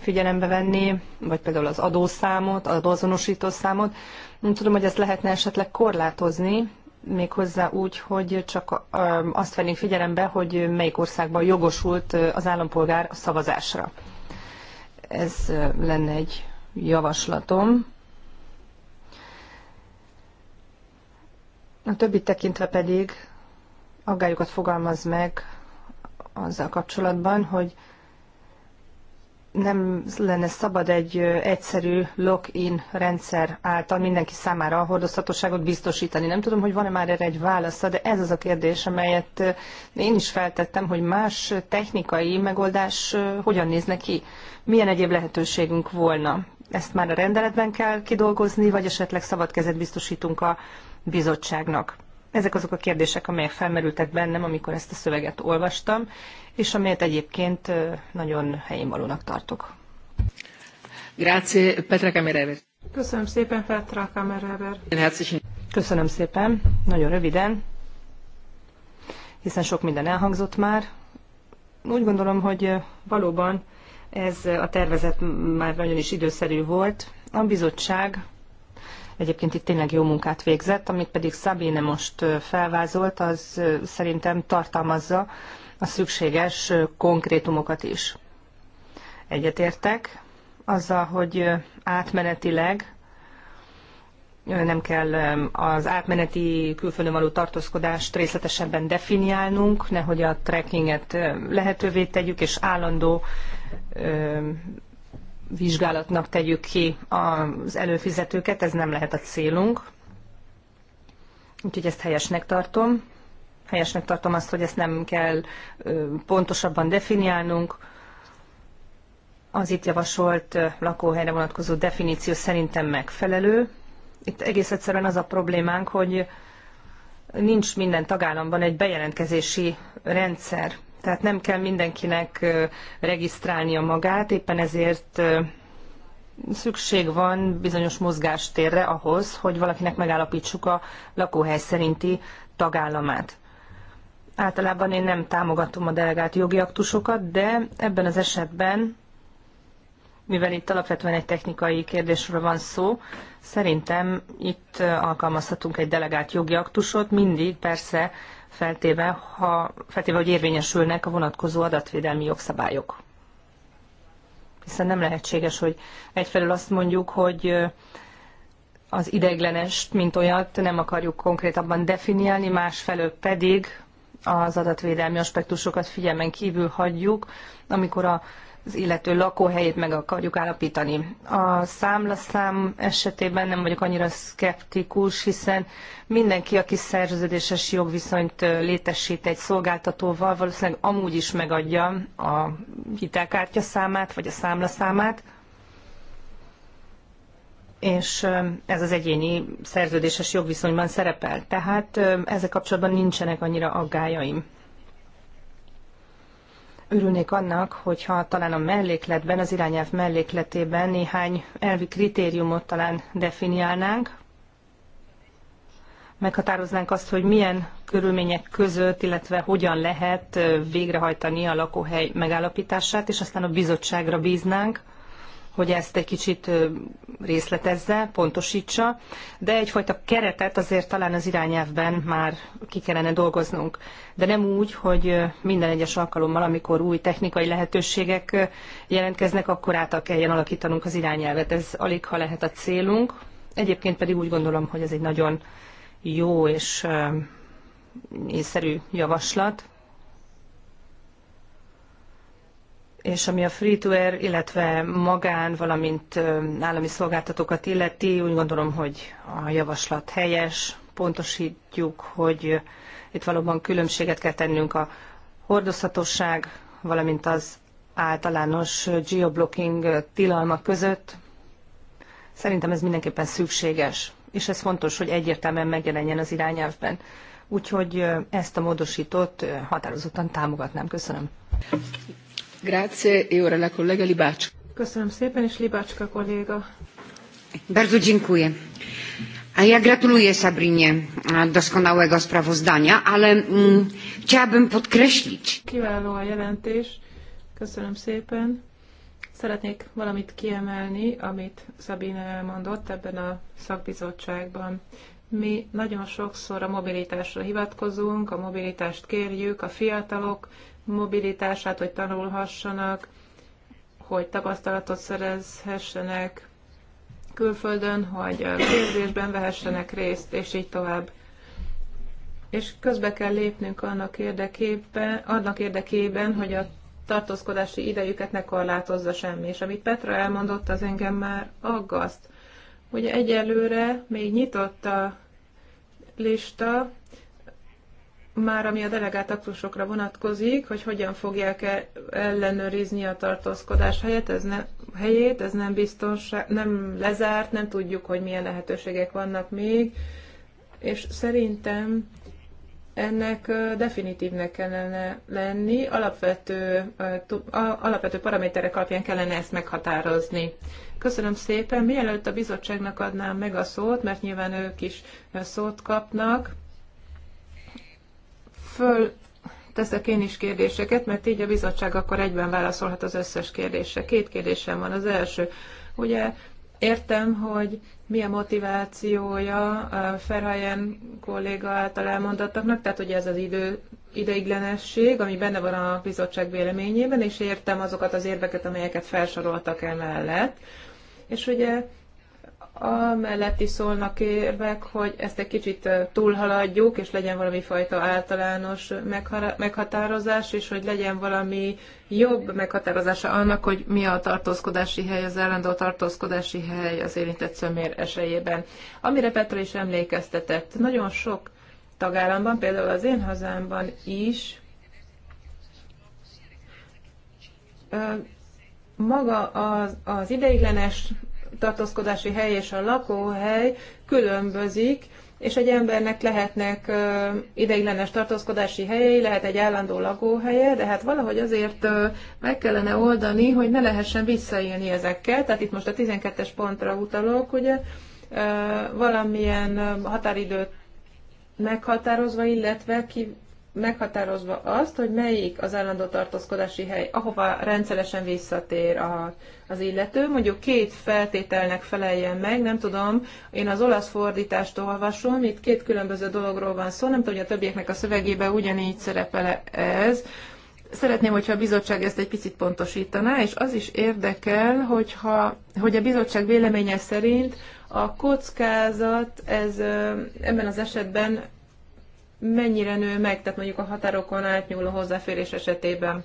figyelembe venni, vagy például az adószámot, adóazonosító számot. Nem tudom, hogy ezt lehetne esetleg korlátozni, méghozzá úgy, hogy csak um, azt vennénk figyelembe, hogy melyik országban jogosult uh, az állampolgár a szavazásra. Ez uh, lenne egy javaslatom. A többi tekintve pedig aggályokat fogalmaz meg azzal kapcsolatban, hogy nem lenne szabad egy egyszerű lock-in rendszer által mindenki számára a hordozhatóságot biztosítani. Nem tudom, hogy van-e már erre egy válasza, de ez az a kérdés, amelyet én is feltettem, hogy más technikai megoldás hogyan néz ki, milyen egyéb lehetőségünk volna. Ezt már a rendeletben kell kidolgozni, vagy esetleg szabad kezet biztosítunk a bizottságnak. Ezek azok a kérdések, amelyek felmerültek bennem, amikor ezt a szöveget olvastam, és amelyet egyébként nagyon helyén valónak tartok. Grazie, Petra Kamerever. Köszönöm szépen, Petra Kamerever. Köszönöm szépen, nagyon röviden, hiszen sok minden elhangzott már. Úgy gondolom, hogy valóban ez a tervezet már nagyon is időszerű volt. A bizottság Egyébként itt tényleg jó munkát végzett, amit pedig Szabine most felvázolt, az szerintem tartalmazza a szükséges konkrétumokat is. Egyetértek azzal, hogy átmenetileg nem kell az átmeneti külföldön való tartózkodást részletesebben definiálnunk, nehogy a trekkinget lehetővé tegyük, és állandó vizsgálatnak tegyük ki az előfizetőket, ez nem lehet a célunk. Úgyhogy ezt helyesnek tartom. Helyesnek tartom azt, hogy ezt nem kell pontosabban definiálnunk. Az itt javasolt lakóhelyre vonatkozó definíció szerintem megfelelő. Itt egész egyszerűen az a problémánk, hogy nincs minden tagállamban egy bejelentkezési rendszer. Tehát nem kell mindenkinek regisztrálnia magát, éppen ezért szükség van bizonyos mozgástérre ahhoz, hogy valakinek megállapítsuk a lakóhely szerinti tagállamát. Általában én nem támogatom a delegált jogi aktusokat, de ebben az esetben, mivel itt alapvetően egy technikai kérdésről van szó, szerintem itt alkalmazhatunk egy delegált jogi aktusot, mindig persze feltéve, ha, feltéve, hogy érvényesülnek a vonatkozó adatvédelmi jogszabályok. Hiszen nem lehetséges, hogy egyfelől azt mondjuk, hogy az ideiglenest, mint olyat nem akarjuk konkrétabban definiálni, másfelől pedig az adatvédelmi aspektusokat figyelmen kívül hagyjuk, amikor a az illető lakóhelyét meg akarjuk állapítani. A számlaszám esetében nem vagyok annyira szkeptikus, hiszen mindenki, aki szerződéses jogviszonyt létesít egy szolgáltatóval, valószínűleg amúgy is megadja a hitelkártya számát, vagy a számlaszámát, és ez az egyéni szerződéses jogviszonyban szerepel. Tehát ezzel kapcsolatban nincsenek annyira aggájaim örülnék annak, hogyha talán a mellékletben, az irányelv mellékletében néhány elvi kritériumot talán definiálnánk, meghatároznánk azt, hogy milyen körülmények között, illetve hogyan lehet végrehajtani a lakóhely megállapítását, és aztán a bizottságra bíznánk, hogy ezt egy kicsit részletezze, pontosítsa, de egyfajta keretet azért talán az irányelvben már ki kellene dolgoznunk. De nem úgy, hogy minden egyes alkalommal, amikor új technikai lehetőségek jelentkeznek, akkor át kelljen alakítanunk az irányelvet. Ez alig, ha lehet a célunk. Egyébként pedig úgy gondolom, hogy ez egy nagyon jó és észszerű javaslat, és ami a free-to-air, illetve magán, valamint állami szolgáltatókat illeti, úgy gondolom, hogy a javaslat helyes, pontosítjuk, hogy itt valóban különbséget kell tennünk a hordozhatóság, valamint az általános geoblocking tilalma között. Szerintem ez mindenképpen szükséges, és ez fontos, hogy egyértelműen megjelenjen az irányelvben. Úgyhogy ezt a módosítót határozottan támogatnám. Köszönöm. Grazie, e ora la collega Libács. Köszönöm szépen, és Libácska kolléga. Bardzo dziękuję. A ja gratuluję Sabrinie doskonałego sprawozdania, ale mm, chciałabym podkreślić. Kiváló a jelentés. Köszönöm szépen. Szeretnék valamit kiemelni, amit Sabine elmondott ebben a szakbizottságban. Mi nagyon sokszor a mobilitásra hivatkozunk, a mobilitást kérjük, a fiatalok mobilitását, hogy tanulhassanak, hogy tapasztalatot szerezhessenek külföldön, hogy képzésben vehessenek részt, és így tovább. És közbe kell lépnünk annak annak érdekében hogy a tartózkodási idejüket ne korlátozza semmi. És amit Petra elmondott, az engem már aggaszt. Ugye egyelőre még nyitott a lista, már ami a delegált aktusokra vonatkozik, hogy hogyan fogják -e ellenőrizni a tartózkodás helyet, ez ne, helyét, ez nem biztonság, nem lezárt, nem tudjuk, hogy milyen lehetőségek vannak még, és szerintem ennek definitívnek kellene lenni, alapvető, alapvető paraméterek alapján kellene ezt meghatározni. Köszönöm szépen. Mielőtt a bizottságnak adnám meg a szót, mert nyilván ők is szót kapnak, föl teszek én is kérdéseket, mert így a bizottság akkor egyben válaszolhat az összes kérdésre. Két kérdésem van. Az első, ugye értem, hogy mi a motivációja Ferhajen kolléga által elmondottaknak, tehát ugye ez az idő ideiglenesség, ami benne van a bizottság véleményében, és értem azokat az érveket, amelyeket felsoroltak emellett. És ugye amellett is szólnak érvek, hogy ezt egy kicsit túlhaladjuk, és legyen valami fajta általános meghatározás, és hogy legyen valami jobb meghatározása annak, hogy mi a tartózkodási hely, az állandó tartózkodási hely az érintett szömér esélyében. Amire Petra is emlékeztetett, nagyon sok tagállamban, például az én hazámban is, maga az, az ideiglenes tartózkodási hely és a lakóhely különbözik, és egy embernek lehetnek ideiglenes tartózkodási helyei, lehet egy állandó lakóhelye, de hát valahogy azért meg kellene oldani, hogy ne lehessen visszaélni ezekkel. Tehát itt most a 12-es pontra utalok, ugye valamilyen határidőt meghatározva, illetve ki, meghatározva azt, hogy melyik az állandó tartózkodási hely, ahova rendszeresen visszatér a, az illető. Mondjuk két feltételnek feleljen meg, nem tudom, én az olasz fordítást olvasom, itt két különböző dologról van szó, nem tudom, hogy a többieknek a szövegében ugyanígy szerepel ez. Szeretném, hogyha a bizottság ezt egy picit pontosítaná, és az is érdekel, hogyha, hogy a bizottság véleménye szerint a kockázat ez ebben az esetben mennyire nő meg, tehát mondjuk a határokon átnyúló hozzáférés esetében.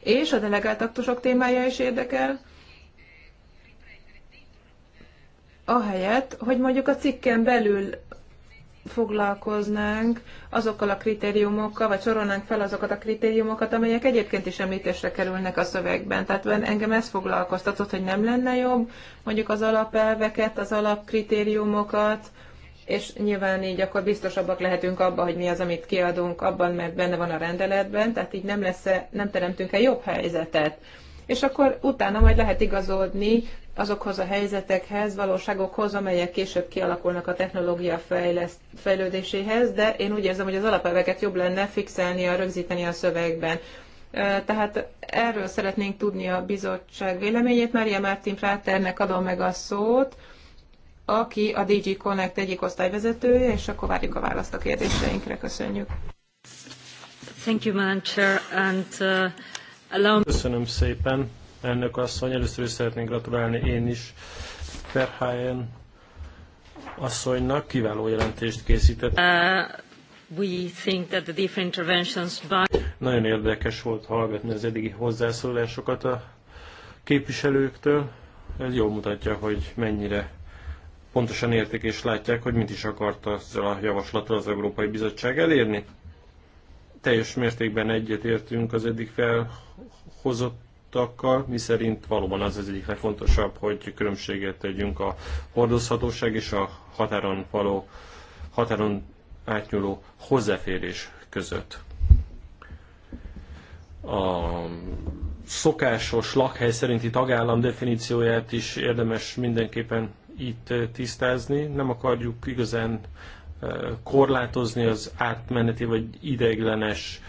És a delegált aktusok témája is érdekel, ahelyett, hogy mondjuk a cikken belül foglalkoznánk azokkal a kritériumokkal, vagy sorolnánk fel azokat a kritériumokat, amelyek egyébként is említésre kerülnek a szövegben. Tehát engem ez foglalkoztatott, hogy nem lenne jobb mondjuk az alapelveket, az alapkritériumokat, és nyilván így akkor biztosabbak lehetünk abban, hogy mi az, amit kiadunk abban, mert benne van a rendeletben, tehát így nem, lesz -e, nem teremtünk egy jobb helyzetet. És akkor utána majd lehet igazodni azokhoz a helyzetekhez, valóságokhoz, amelyek később kialakulnak a technológia fejleszt, fejlődéséhez, de én úgy érzem, hogy az alapelveket jobb lenne fixelni, a rögzíteni a szövegben. Tehát erről szeretnénk tudni a bizottság véleményét. Mária Mártin Práternek adom meg a szót aki a DG Connect egyik osztályvezetője, és akkor várjuk a választ a kérdéseinkre. Köszönjük. Thank you, Madam Chair, and, uh, allow... Köszönöm szépen, elnök asszony. Először is szeretnék gratulálni én is Verheyen asszonynak. Kiváló jelentést készített. Uh... We think that the different interventions by... Nagyon érdekes volt hallgatni az eddigi hozzászólásokat a képviselőktől. Ez jól mutatja, hogy mennyire pontosan értik és látják, hogy mit is akarta ezzel a javaslattal az Európai Bizottság elérni. Teljes mértékben egyetértünk az eddig felhozottakkal, miszerint valóban az az egyik legfontosabb, hogy különbséget tegyünk a hordozhatóság és a határon való, határon átnyúló hozzáférés között. A szokásos lakhely szerinti tagállam definícióját is érdemes mindenképpen itt eh, tisztázni, nem akarjuk igazán eh, korlátozni az átmeneti vagy ideiglenes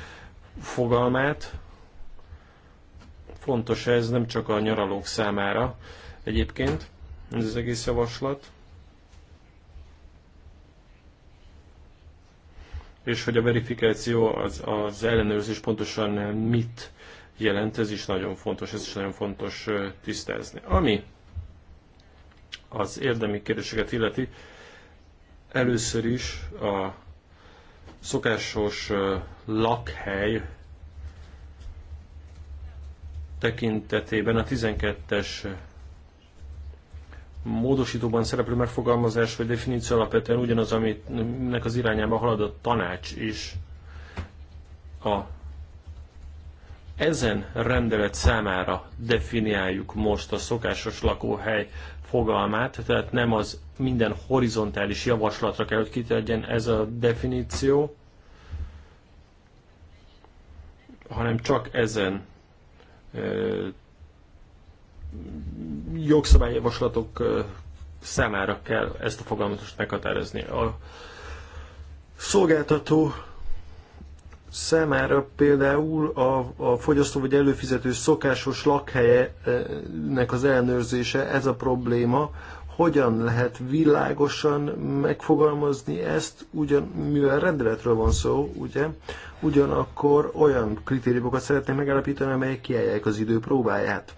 fogalmát. Fontos ez nem csak a nyaralók számára egyébként, ez az egész javaslat. És hogy a verifikáció, az, az ellenőrzés pontosan mit jelent, ez is nagyon fontos, ez is nagyon fontos eh, tisztázni. Ami az érdemi kérdéseket illeti, először is a szokásos lakhely tekintetében a 12-es módosítóban szereplő megfogalmazás vagy definíció alapvetően ugyanaz, aminek az irányába halad a tanács is. A ezen rendelet számára definiáljuk most a szokásos lakóhely fogalmát, tehát nem az minden horizontális javaslatra kell, hogy kiterjedjen ez a definíció, hanem csak ezen jogszabályjavaslatok számára kell ezt a fogalmat meghatározni. A szolgáltató számára például a, a fogyasztó vagy előfizető szokásos lakhelyenek az ellenőrzése, ez a probléma, hogyan lehet világosan megfogalmazni ezt, ugyan, mivel rendeletről van szó, ugye, ugyanakkor olyan kritériumokat szeretnék megállapítani, amelyek kiállják az idő próbáját.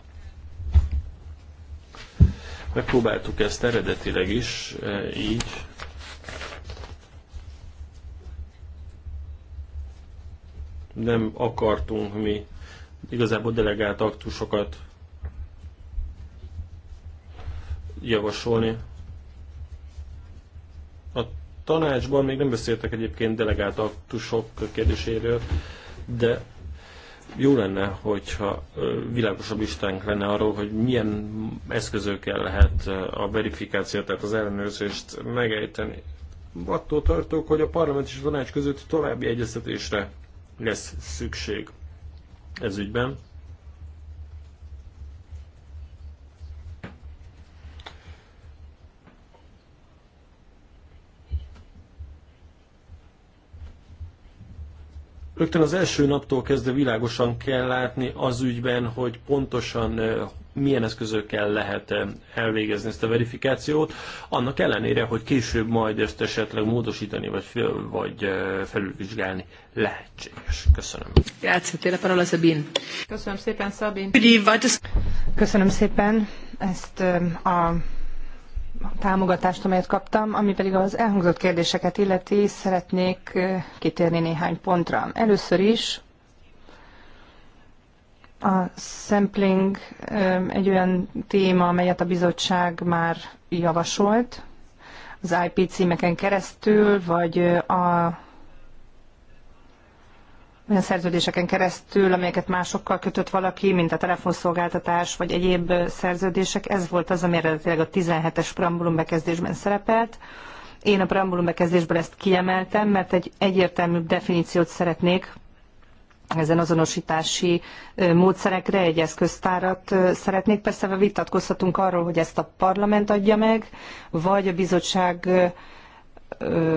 Megpróbáltuk ezt eredetileg is e, így nem akartunk mi igazából delegált aktusokat javasolni. A tanácsban még nem beszéltek egyébként delegált aktusok kérdéséről, de jó lenne, hogyha világosabb istánk lenne arról, hogy milyen eszközökkel lehet a verifikációt, tehát az ellenőrzést megejteni. Attól tartok, hogy a parlament és a tanács között további egyeztetésre lesz szükség ez ügyben. Rögtön az első naptól kezdve világosan kell látni az ügyben, hogy pontosan milyen eszközökkel lehet elvégezni ezt a verifikációt, annak ellenére, hogy később majd ezt esetleg módosítani vagy, vagy felülvizsgálni lehetséges. Köszönöm. Grazie, tényleg parola Köszönöm szépen, Szabin. Köszönöm szépen ezt a támogatást, amelyet kaptam, ami pedig az elhangzott kérdéseket illeti, szeretnék kitérni néhány pontra. Először is a sampling egy olyan téma, amelyet a bizottság már javasolt az IP címeken keresztül, vagy a olyan szerződéseken keresztül, amelyeket másokkal kötött valaki, mint a telefonszolgáltatás vagy egyéb szerződések. Ez volt az, ami eredetileg a 17-es preambulum bekezdésben szerepelt. Én a preambulum bekezdésben ezt kiemeltem, mert egy egyértelműbb definíciót szeretnék ezen azonosítási módszerekre, egy eszköztárat szeretnék. Persze vitatkozhatunk arról, hogy ezt a parlament adja meg, vagy a bizottság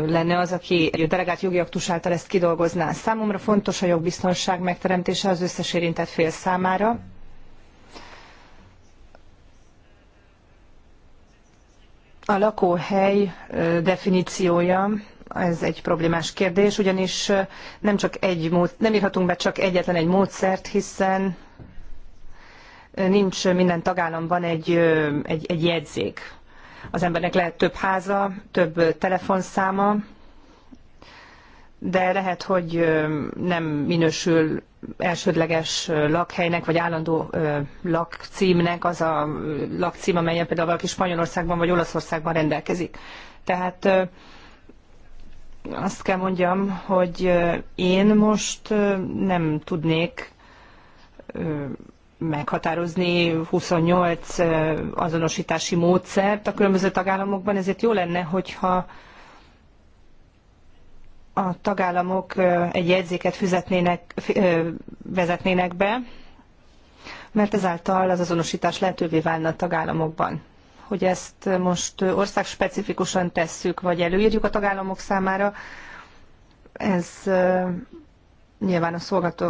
lenne az, aki a delegált jogi aktus által ezt kidolgozná. Számomra fontos a jogbiztonság megteremtése az összes érintett fél számára. A lakóhely definíciója ez egy problémás kérdés, ugyanis nem, csak egy mód, nem írhatunk be csak egyetlen egy módszert, hiszen nincs minden tagállamban egy, egy, egy jegyzék az embernek lehet több háza, több telefonszáma, de lehet, hogy nem minősül elsődleges lakhelynek, vagy állandó lakcímnek az a lakcím, amelyen például valaki Spanyolországban vagy Olaszországban rendelkezik. Tehát azt kell mondjam, hogy én most nem tudnék meghatározni 28 azonosítási módszert a különböző tagállamokban, ezért jó lenne, hogyha a tagállamok egy jegyzéket fizetnének, vezetnének be, mert ezáltal az azonosítás lehetővé válna a tagállamokban. Hogy ezt most országspecifikusan tesszük, vagy előírjuk a tagállamok számára, ez nyilván a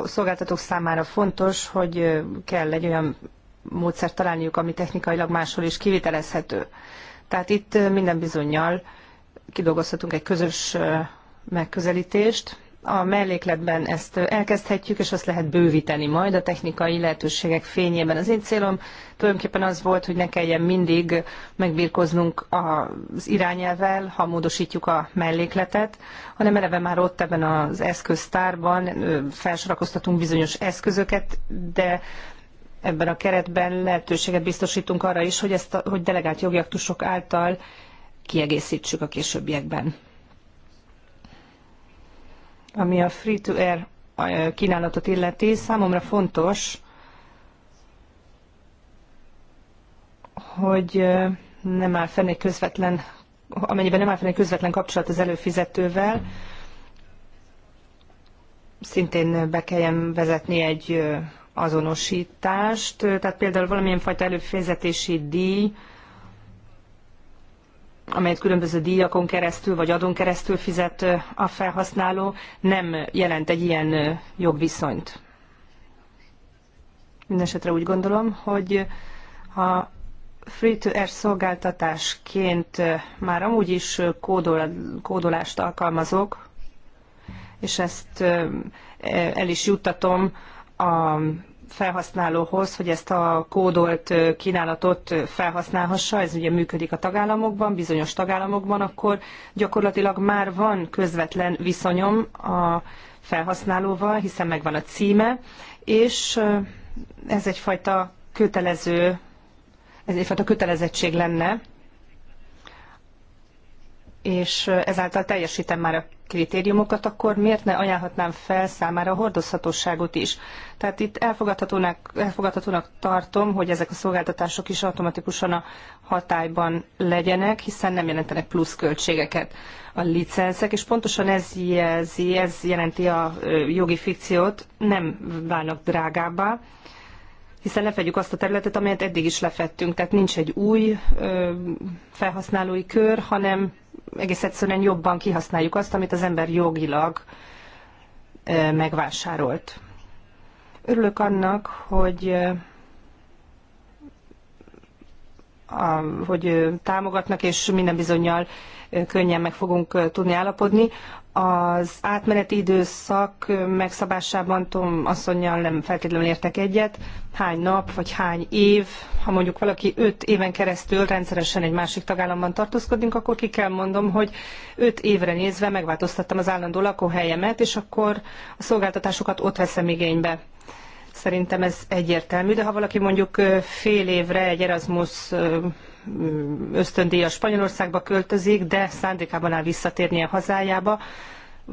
szolgáltatók számára fontos, hogy kell egy olyan módszert találniuk, ami technikailag máshol is kivitelezhető. Tehát itt minden bizonyal kidolgozhatunk egy közös megközelítést, a mellékletben ezt elkezdhetjük, és azt lehet bővíteni majd a technikai lehetőségek fényében. Az én célom tulajdonképpen az volt, hogy ne kelljen mindig megbírkoznunk az irányelvel, ha módosítjuk a mellékletet, hanem eleve már ott ebben az eszköztárban felsorakoztatunk bizonyos eszközöket, de ebben a keretben lehetőséget biztosítunk arra is, hogy, ezt a, hogy delegált jogi aktusok által kiegészítsük a későbbiekben. Ami a free-to-air kínálatot illeti, számomra fontos, hogy nem áll fenn egy közvetlen, amennyiben nem áll fenn egy közvetlen kapcsolat az előfizetővel, szintén be kelljen vezetni egy azonosítást, tehát például valamilyen fajta előfizetési díj, amelyet különböző díjakon keresztül vagy adón keresztül fizet a felhasználó, nem jelent egy ilyen jogviszonyt. Mindenesetre úgy gondolom, hogy ha free-to-air szolgáltatásként már amúgy is kódol, kódolást alkalmazok, és ezt el is juttatom a felhasználóhoz, hogy ezt a kódolt kínálatot felhasználhassa, ez ugye működik a tagállamokban, bizonyos tagállamokban, akkor gyakorlatilag már van közvetlen viszonyom a felhasználóval, hiszen megvan a címe, és ez egyfajta kötelező, ez egyfajta kötelezettség lenne, és ezáltal teljesítem már a kritériumokat, akkor miért ne ajánlhatnám fel számára a hordozhatóságot is? Tehát itt elfogadhatónak, elfogadhatónak tartom, hogy ezek a szolgáltatások is automatikusan a hatályban legyenek, hiszen nem jelentenek plusz költségeket a licenszek, és pontosan ez jelzi, ez jelenti a jogi fikciót, nem válnak drágábbá, hiszen lefedjük azt a területet, amelyet eddig is lefettünk, tehát nincs egy új ö, felhasználói kör, hanem egész egyszerűen jobban kihasználjuk azt, amit az ember jogilag megvásárolt. Örülök annak, hogy a, hogy támogatnak, és minden bizonyal könnyen meg fogunk tudni állapodni. Az átmeneti időszak megszabásában Tom asszonynal nem feltétlenül értek egyet. Hány nap, vagy hány év, ha mondjuk valaki öt éven keresztül rendszeresen egy másik tagállamban tartózkodik, akkor ki kell mondom, hogy öt évre nézve megváltoztattam az állandó lakóhelyemet, és akkor a szolgáltatásokat ott veszem igénybe. Szerintem ez egyértelmű, de ha valaki mondjuk fél évre egy Erasmus ösztöndíjas Spanyolországba költözik, de szándékában áll visszatérnie hazájába,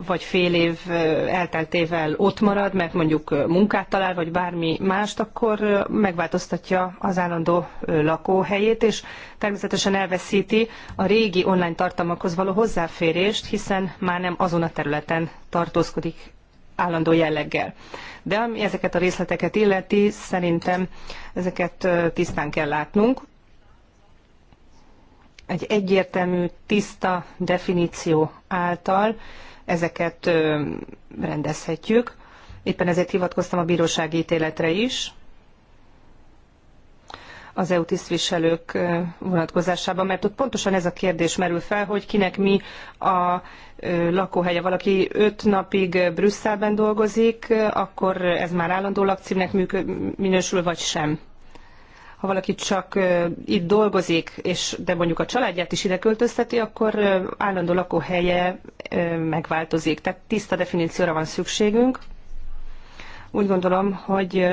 vagy fél év elteltével ott marad, mert mondjuk munkát talál, vagy bármi mást, akkor megváltoztatja az állandó lakóhelyét, és természetesen elveszíti a régi online tartalmakhoz való hozzáférést, hiszen már nem azon a területen tartózkodik állandó jelleggel. De ami ezeket a részleteket illeti, szerintem ezeket tisztán kell látnunk. Egy egyértelmű, tiszta definíció által ezeket rendezhetjük. Éppen ezért hivatkoztam a bírósági ítéletre is, az EU tisztviselők vonatkozásában, mert ott pontosan ez a kérdés merül fel, hogy kinek mi a lakóhelye. Valaki öt napig Brüsszelben dolgozik, akkor ez már állandó lakcímnek minősül, vagy sem ha valaki csak itt dolgozik, és de mondjuk a családját is ide költözteti, akkor állandó lakóhelye megváltozik. Tehát tiszta definícióra van szükségünk. Úgy gondolom, hogy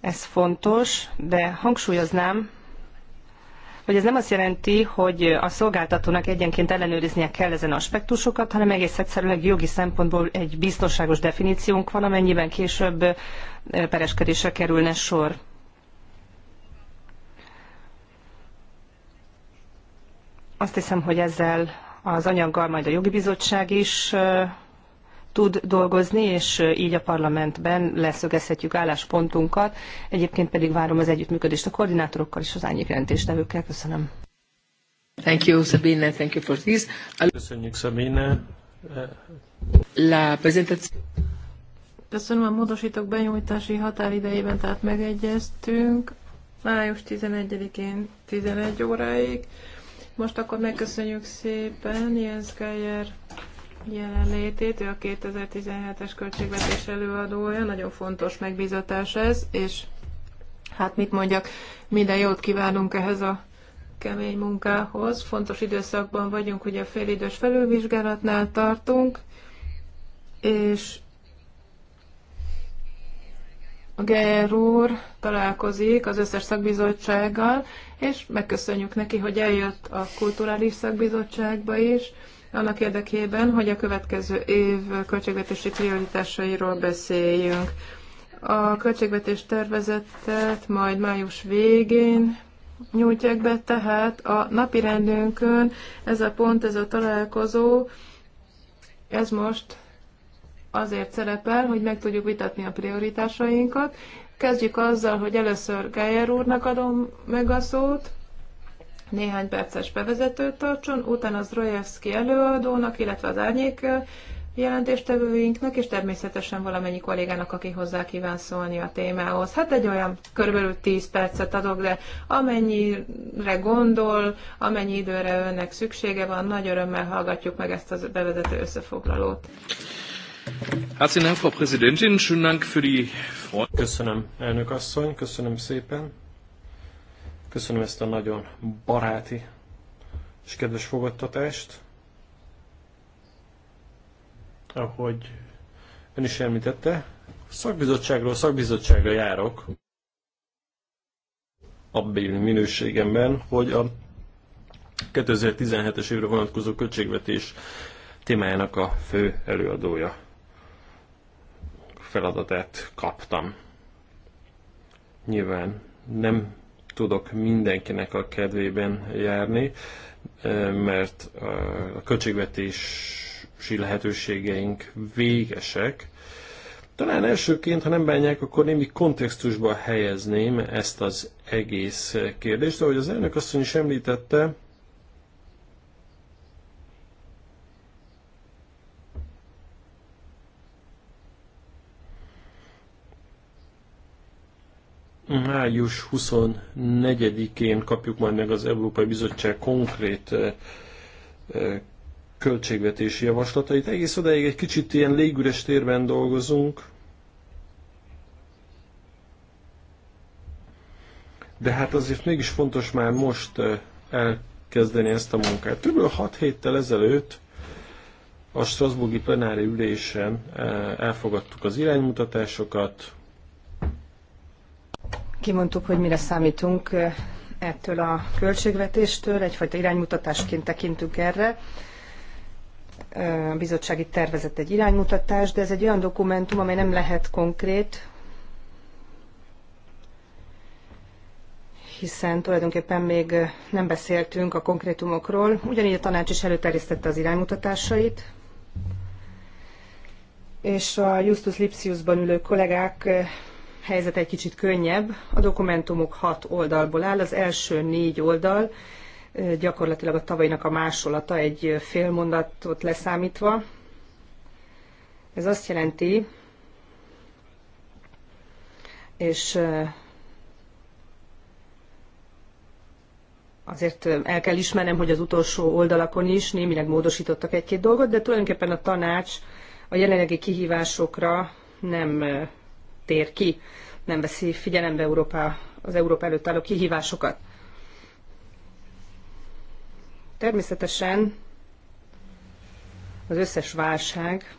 ez fontos, de hangsúlyoznám, hogy ez nem azt jelenti, hogy a szolgáltatónak egyenként ellenőriznie kell ezen aspektusokat, hanem egész egyszerűen jogi szempontból egy biztonságos definíciónk van, amennyiben később pereskedésre kerülne sor. Azt hiszem, hogy ezzel az anyaggal majd a jogi bizottság is tud dolgozni, és így a parlamentben leszögezhetjük álláspontunkat. Egyébként pedig várom az együttműködést a koordinátorokkal és az árnyékjelentéstevőkkel. Köszönöm. Thank you, Sabine. Thank you for this. Köszönjük, Sabine. La Köszönöm a módosítók benyújtási határidejében, tehát megegyeztünk. Május 11-én 11 óráig. Most akkor megköszönjük szépen Jens Geyer jelenlétét, ő a 2017-es költségvetés előadója, nagyon fontos megbízatás ez, és hát mit mondjak, minden jót kívánunk ehhez a kemény munkához. Fontos időszakban vagyunk, ugye a félidős felülvizsgálatnál tartunk, és a Geyer úr találkozik az összes szakbizottsággal, és megköszönjük neki, hogy eljött a Kulturális Szakbizottságba is, annak érdekében, hogy a következő év költségvetési prioritásairól beszéljünk. A költségvetés tervezetet majd május végén nyújtják be, tehát a napi rendünkön ez a pont, ez a találkozó, ez most azért szerepel, hogy meg tudjuk vitatni a prioritásainkat, Kezdjük azzal, hogy először Geyer úrnak adom meg a szót, néhány perces bevezetőt tartson, utána az Rojevski előadónak, illetve az árnyék jelentéstevőinknek, és természetesen valamennyi kollégának, aki hozzá kíván szólni a témához. Hát egy olyan körülbelül 10 percet adok, de amennyire gondol, amennyi időre önnek szüksége van, nagy örömmel hallgatjuk meg ezt a bevezető összefoglalót. Herzlichen Dank, Frau Präsidentin. Schönen Dank für die Köszönöm, elnök asszony, köszönöm szépen. Köszönöm ezt a nagyon baráti és kedves fogadtatást. Ahogy ön is említette, szakbizottságról szakbizottságra járok abbéli minőségemben, hogy a 2017-es évre vonatkozó költségvetés témájának a fő előadója feladatát kaptam. Nyilván nem tudok mindenkinek a kedvében járni, eh, mert a költségvetési lehetőségeink végesek. Talán elsőként, ha nem bánják, akkor némi kontextusba helyezném ezt az egész kérdést. Ahogy az elnök asszony is említette, Május 24-én kapjuk majd meg az Európai Bizottság konkrét eh, eh, költségvetési javaslatait. Egész odáig egy kicsit ilyen légüres térben dolgozunk, de hát azért mégis fontos már most eh, elkezdeni ezt a munkát. Több 6 héttel ezelőtt a Strasbourgi plenári ülésen elfogadtuk az iránymutatásokat, Kimondtuk, hogy mire számítunk ettől a költségvetéstől, egyfajta iránymutatásként tekintünk erre. A bizottsági tervezet egy iránymutatás, de ez egy olyan dokumentum, amely nem lehet konkrét, hiszen tulajdonképpen még nem beszéltünk a konkrétumokról. Ugyanígy a tanács is előterjesztette az iránymutatásait, és a Justus Lipsiusban ülő kollégák helyzet egy kicsit könnyebb. A dokumentumok hat oldalból áll, az első négy oldal gyakorlatilag a tavainak a másolata egy fél mondatot leszámítva. Ez azt jelenti, és azért el kell ismernem, hogy az utolsó oldalakon is némileg módosítottak egy-két dolgot, de tulajdonképpen a tanács a jelenlegi kihívásokra nem tér ki, nem veszi figyelembe Európa, az Európa előtt álló kihívásokat. Természetesen az összes válság,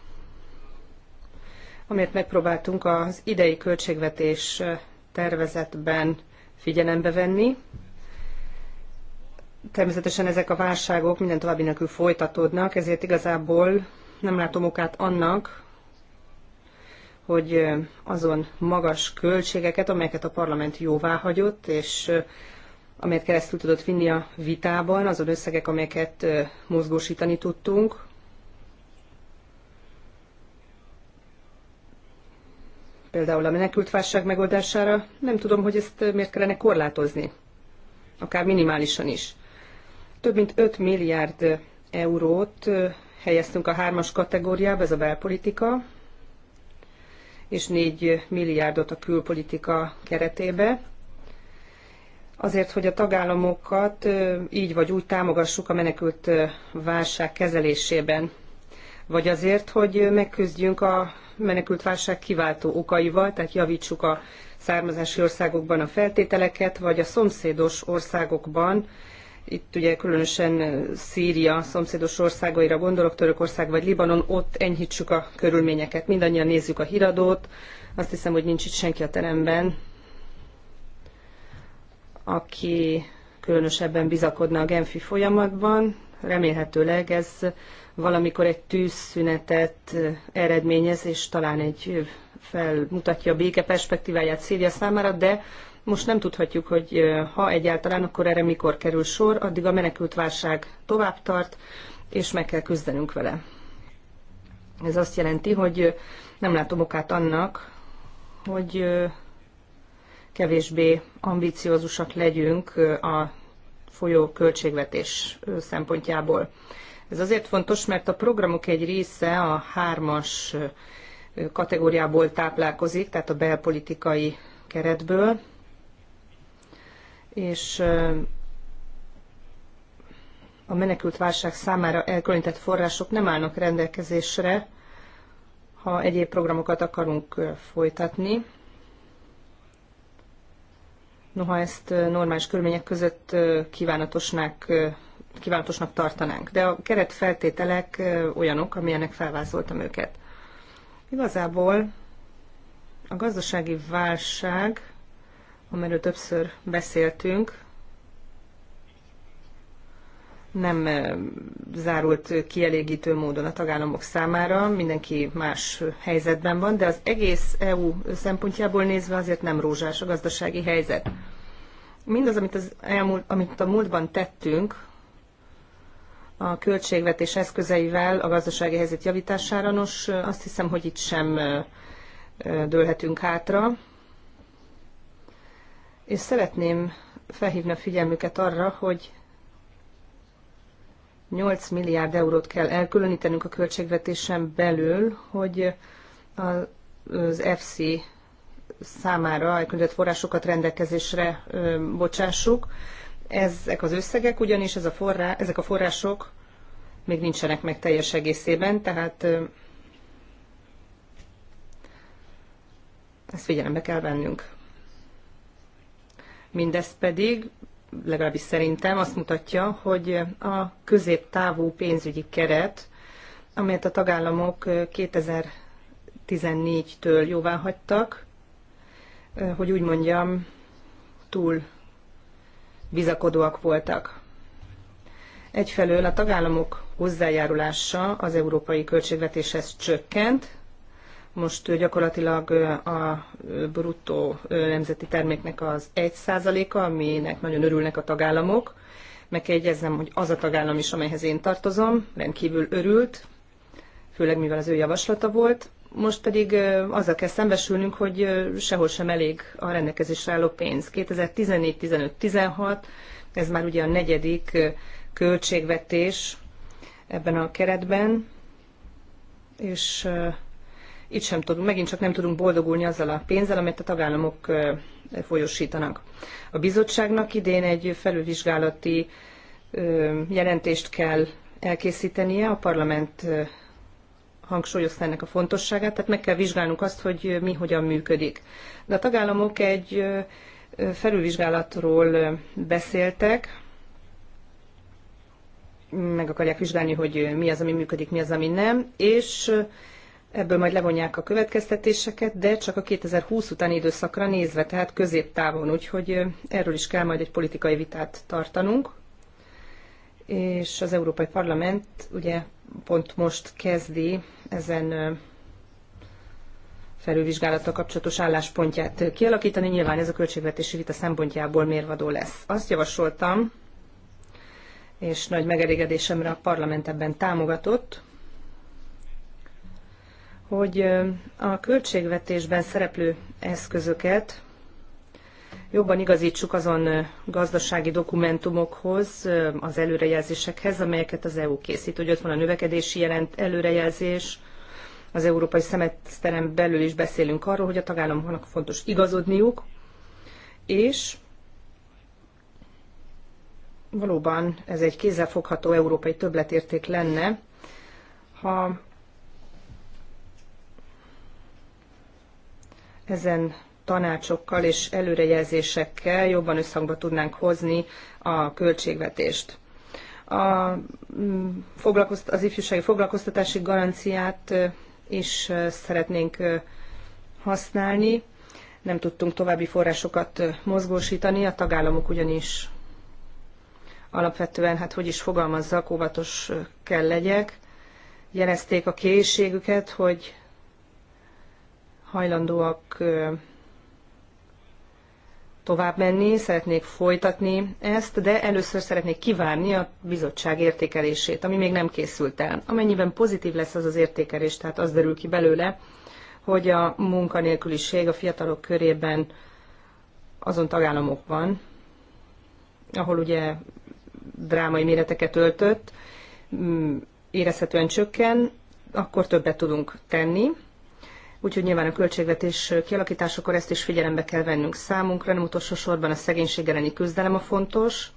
amelyet megpróbáltunk az idei költségvetés tervezetben figyelembe venni. Természetesen ezek a válságok minden további nélkül folytatódnak, ezért igazából nem látom okát annak, hogy azon magas költségeket, amelyeket a parlament jóvá hagyott, és amelyet keresztül tudott vinni a vitában, azon összegek, amelyeket mozgósítani tudtunk, például a menekült válság megoldására, nem tudom, hogy ezt miért kellene korlátozni, akár minimálisan is. Több mint 5 milliárd eurót helyeztünk a hármas kategóriába, ez a belpolitika, és 4 milliárdot a külpolitika keretébe, azért, hogy a tagállamokat így vagy úgy támogassuk a menekült válság kezelésében, vagy azért, hogy megküzdjünk a menekült válság kiváltó okaival, tehát javítsuk a származási országokban a feltételeket, vagy a szomszédos országokban itt ugye különösen Szíria szomszédos országaira gondolok, Törökország vagy Libanon, ott enyhítsük a körülményeket. Mindannyian nézzük a híradót, azt hiszem, hogy nincs itt senki a teremben, aki különösebben bizakodna a Genfi folyamatban. Remélhetőleg ez valamikor egy tűzszünetet eredményez, és talán egy felmutatja a béke perspektíváját Szíria számára, de most nem tudhatjuk, hogy ha egyáltalán, akkor erre mikor kerül sor, addig a menekült válság tovább tart, és meg kell küzdenünk vele. Ez azt jelenti, hogy nem látom okát annak, hogy kevésbé ambiciózusak legyünk a folyó költségvetés szempontjából. Ez azért fontos, mert a programok egy része a hármas kategóriából táplálkozik, tehát a belpolitikai keretből, és a menekült válság számára elkülönített források nem állnak rendelkezésre, ha egyéb programokat akarunk folytatni. Noha ezt normális körülmények között kívánatosnak, kívánatosnak tartanánk. De a keret feltételek olyanok, amilyenek felvázoltam őket. Igazából a gazdasági válság amiről többször beszéltünk, nem zárult kielégítő módon a tagállamok számára, mindenki más helyzetben van, de az egész EU szempontjából nézve azért nem rózsás a gazdasági helyzet. Mindaz, amit, az elmúlt, amit a múltban tettünk, a költségvetés eszközeivel a gazdasági helyzet javítására, nos, azt hiszem, hogy itt sem dőlhetünk hátra és szeretném felhívni a figyelmüket arra, hogy 8 milliárd eurót kell elkülönítenünk a költségvetésen belül, hogy az FC számára elküldött forrásokat rendelkezésre bocsássuk. Ezek az összegek ugyanis, ez a forrá, ezek a források még nincsenek meg teljes egészében, tehát ezt figyelembe kell vennünk. Mindez pedig legalábbis szerintem azt mutatja, hogy a középtávú pénzügyi keret, amelyet a tagállamok 2014-től jóvá hagytak, hogy úgy mondjam, túl bizakodóak voltak. Egyfelől a tagállamok hozzájárulása az európai költségvetéshez csökkent, most gyakorlatilag a bruttó nemzeti terméknek az egy a aminek nagyon örülnek a tagállamok. Meg kell jegyeznem, hogy az a tagállam is, amelyhez én tartozom, rendkívül örült, főleg mivel az ő javaslata volt. Most pedig azzal kell szembesülnünk, hogy sehol sem elég a rendelkezésre álló pénz. 2014, 15, 16, ez már ugye a negyedik költségvetés ebben a keretben, és itt sem tudunk, megint csak nem tudunk boldogulni azzal a pénzzel, amit a tagállamok folyosítanak. A bizottságnak idén egy felülvizsgálati jelentést kell elkészítenie, a parlament hangsúlyozta ennek a fontosságát, tehát meg kell vizsgálnunk azt, hogy mi hogyan működik. De a tagállamok egy felülvizsgálatról beszéltek, meg akarják vizsgálni, hogy mi az, ami működik, mi az, ami nem, és ebből majd levonják a következtetéseket, de csak a 2020 utáni időszakra nézve, tehát középtávon, úgyhogy erről is kell majd egy politikai vitát tartanunk. És az Európai Parlament ugye pont most kezdi ezen felülvizsgálattal kapcsolatos álláspontját kialakítani. Nyilván ez a költségvetési vita szempontjából mérvadó lesz. Azt javasoltam, és nagy megelégedésemre a parlament ebben támogatott, hogy a költségvetésben szereplő eszközöket jobban igazítsuk azon gazdasági dokumentumokhoz, az előrejelzésekhez, amelyeket az EU készít. Hogy ott van a növekedési jelent előrejelzés, az európai szemeszteren belül is beszélünk arról, hogy a tagállamoknak fontos igazodniuk, és valóban ez egy kézzelfogható európai többletérték lenne, ha Ezen tanácsokkal és előrejelzésekkel jobban összhangba tudnánk hozni a költségvetést. A, mm, az ifjúsági foglalkoztatási garanciát is szeretnénk használni. Nem tudtunk további forrásokat mozgósítani, a tagállamok ugyanis alapvetően, hát hogy is fogalmazzak, óvatos kell legyek, jelezték a készségüket, hogy hajlandóak tovább menni, szeretnék folytatni ezt, de először szeretnék kivárni a bizottság értékelését, ami még nem készült el. Amennyiben pozitív lesz az az értékelés, tehát az derül ki belőle, hogy a munkanélküliség a fiatalok körében azon tagállamokban, ahol ugye drámai méreteket öltött, mm, érezhetően csökken, akkor többet tudunk tenni, úgyhogy nyilván a költségvetés kialakításakor ezt is figyelembe kell vennünk számunkra, nem utolsó sorban a szegénység elleni küzdelem a fontos,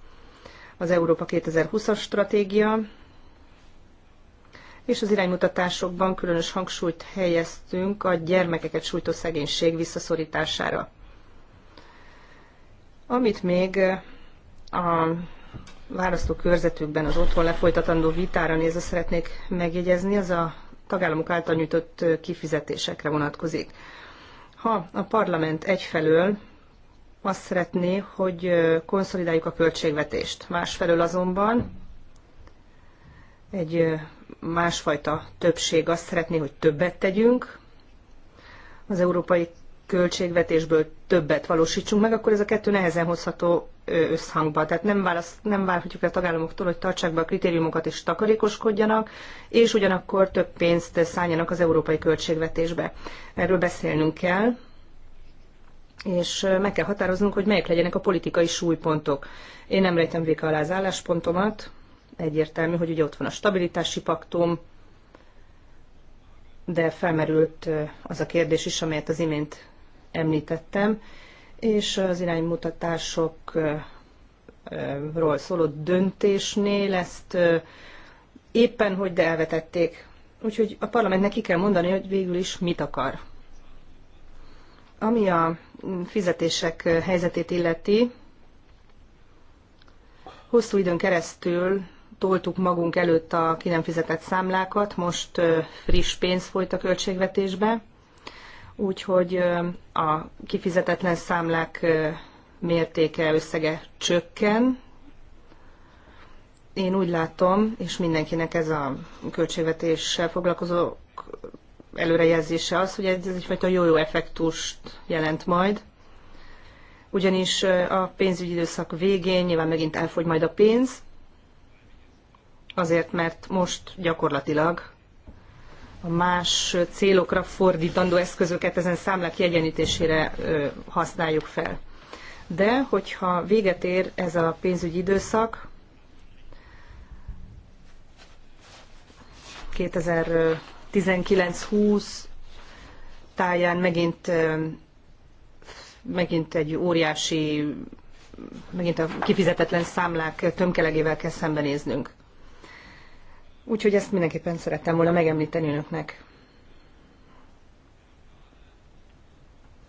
az Európa 2020-as stratégia, és az iránymutatásokban különös hangsúlyt helyeztünk a gyermekeket sújtó szegénység visszaszorítására. Amit még a választókörzetükben az otthon lefolytatandó vitára nézve szeretnék megjegyezni, az a tagállamok által nyújtott kifizetésekre vonatkozik. Ha a parlament egyfelől azt szeretné, hogy konszolidáljuk a költségvetést, másfelől azonban egy másfajta többség azt szeretné, hogy többet tegyünk, az európai költségvetésből többet valósítsunk meg, akkor ez a kettő nehezen hozható összhangba. Tehát nem, választ, nem várhatjuk el a tagállamoktól, hogy tartsák be a kritériumokat és takarékoskodjanak, és ugyanakkor több pénzt szálljanak az európai költségvetésbe. Erről beszélnünk kell, és meg kell határoznunk, hogy melyek legyenek a politikai súlypontok. Én nem rejtem véka alá az álláspontomat, egyértelmű, hogy ugye ott van a stabilitási paktum, de felmerült az a kérdés is, amelyet az imént említettem, és az iránymutatásokról szóló döntésnél ezt éppen hogy de elvetették. Úgyhogy a parlamentnek ki kell mondani, hogy végül is mit akar. Ami a fizetések helyzetét illeti, hosszú időn keresztül toltuk magunk előtt a ki nem fizetett számlákat, most friss pénz folyt a költségvetésbe, úgyhogy a kifizetetlen számlák mértéke, összege csökken. Én úgy látom, és mindenkinek ez a költségvetéssel foglalkozó előrejelzése az, hogy ez egyfajta jó-jó effektust jelent majd, ugyanis a pénzügyi időszak végén nyilván megint elfogy majd a pénz, azért mert most gyakorlatilag a más célokra fordítandó eszközöket ezen számlák jegyenítésére használjuk fel. De hogyha véget ér ez a pénzügyi időszak, 2019-20 táján megint, megint egy óriási, megint a kifizetetlen számlák tömkelegével kell szembenéznünk. Úgyhogy ezt mindenképpen szerettem volna megemlíteni önöknek.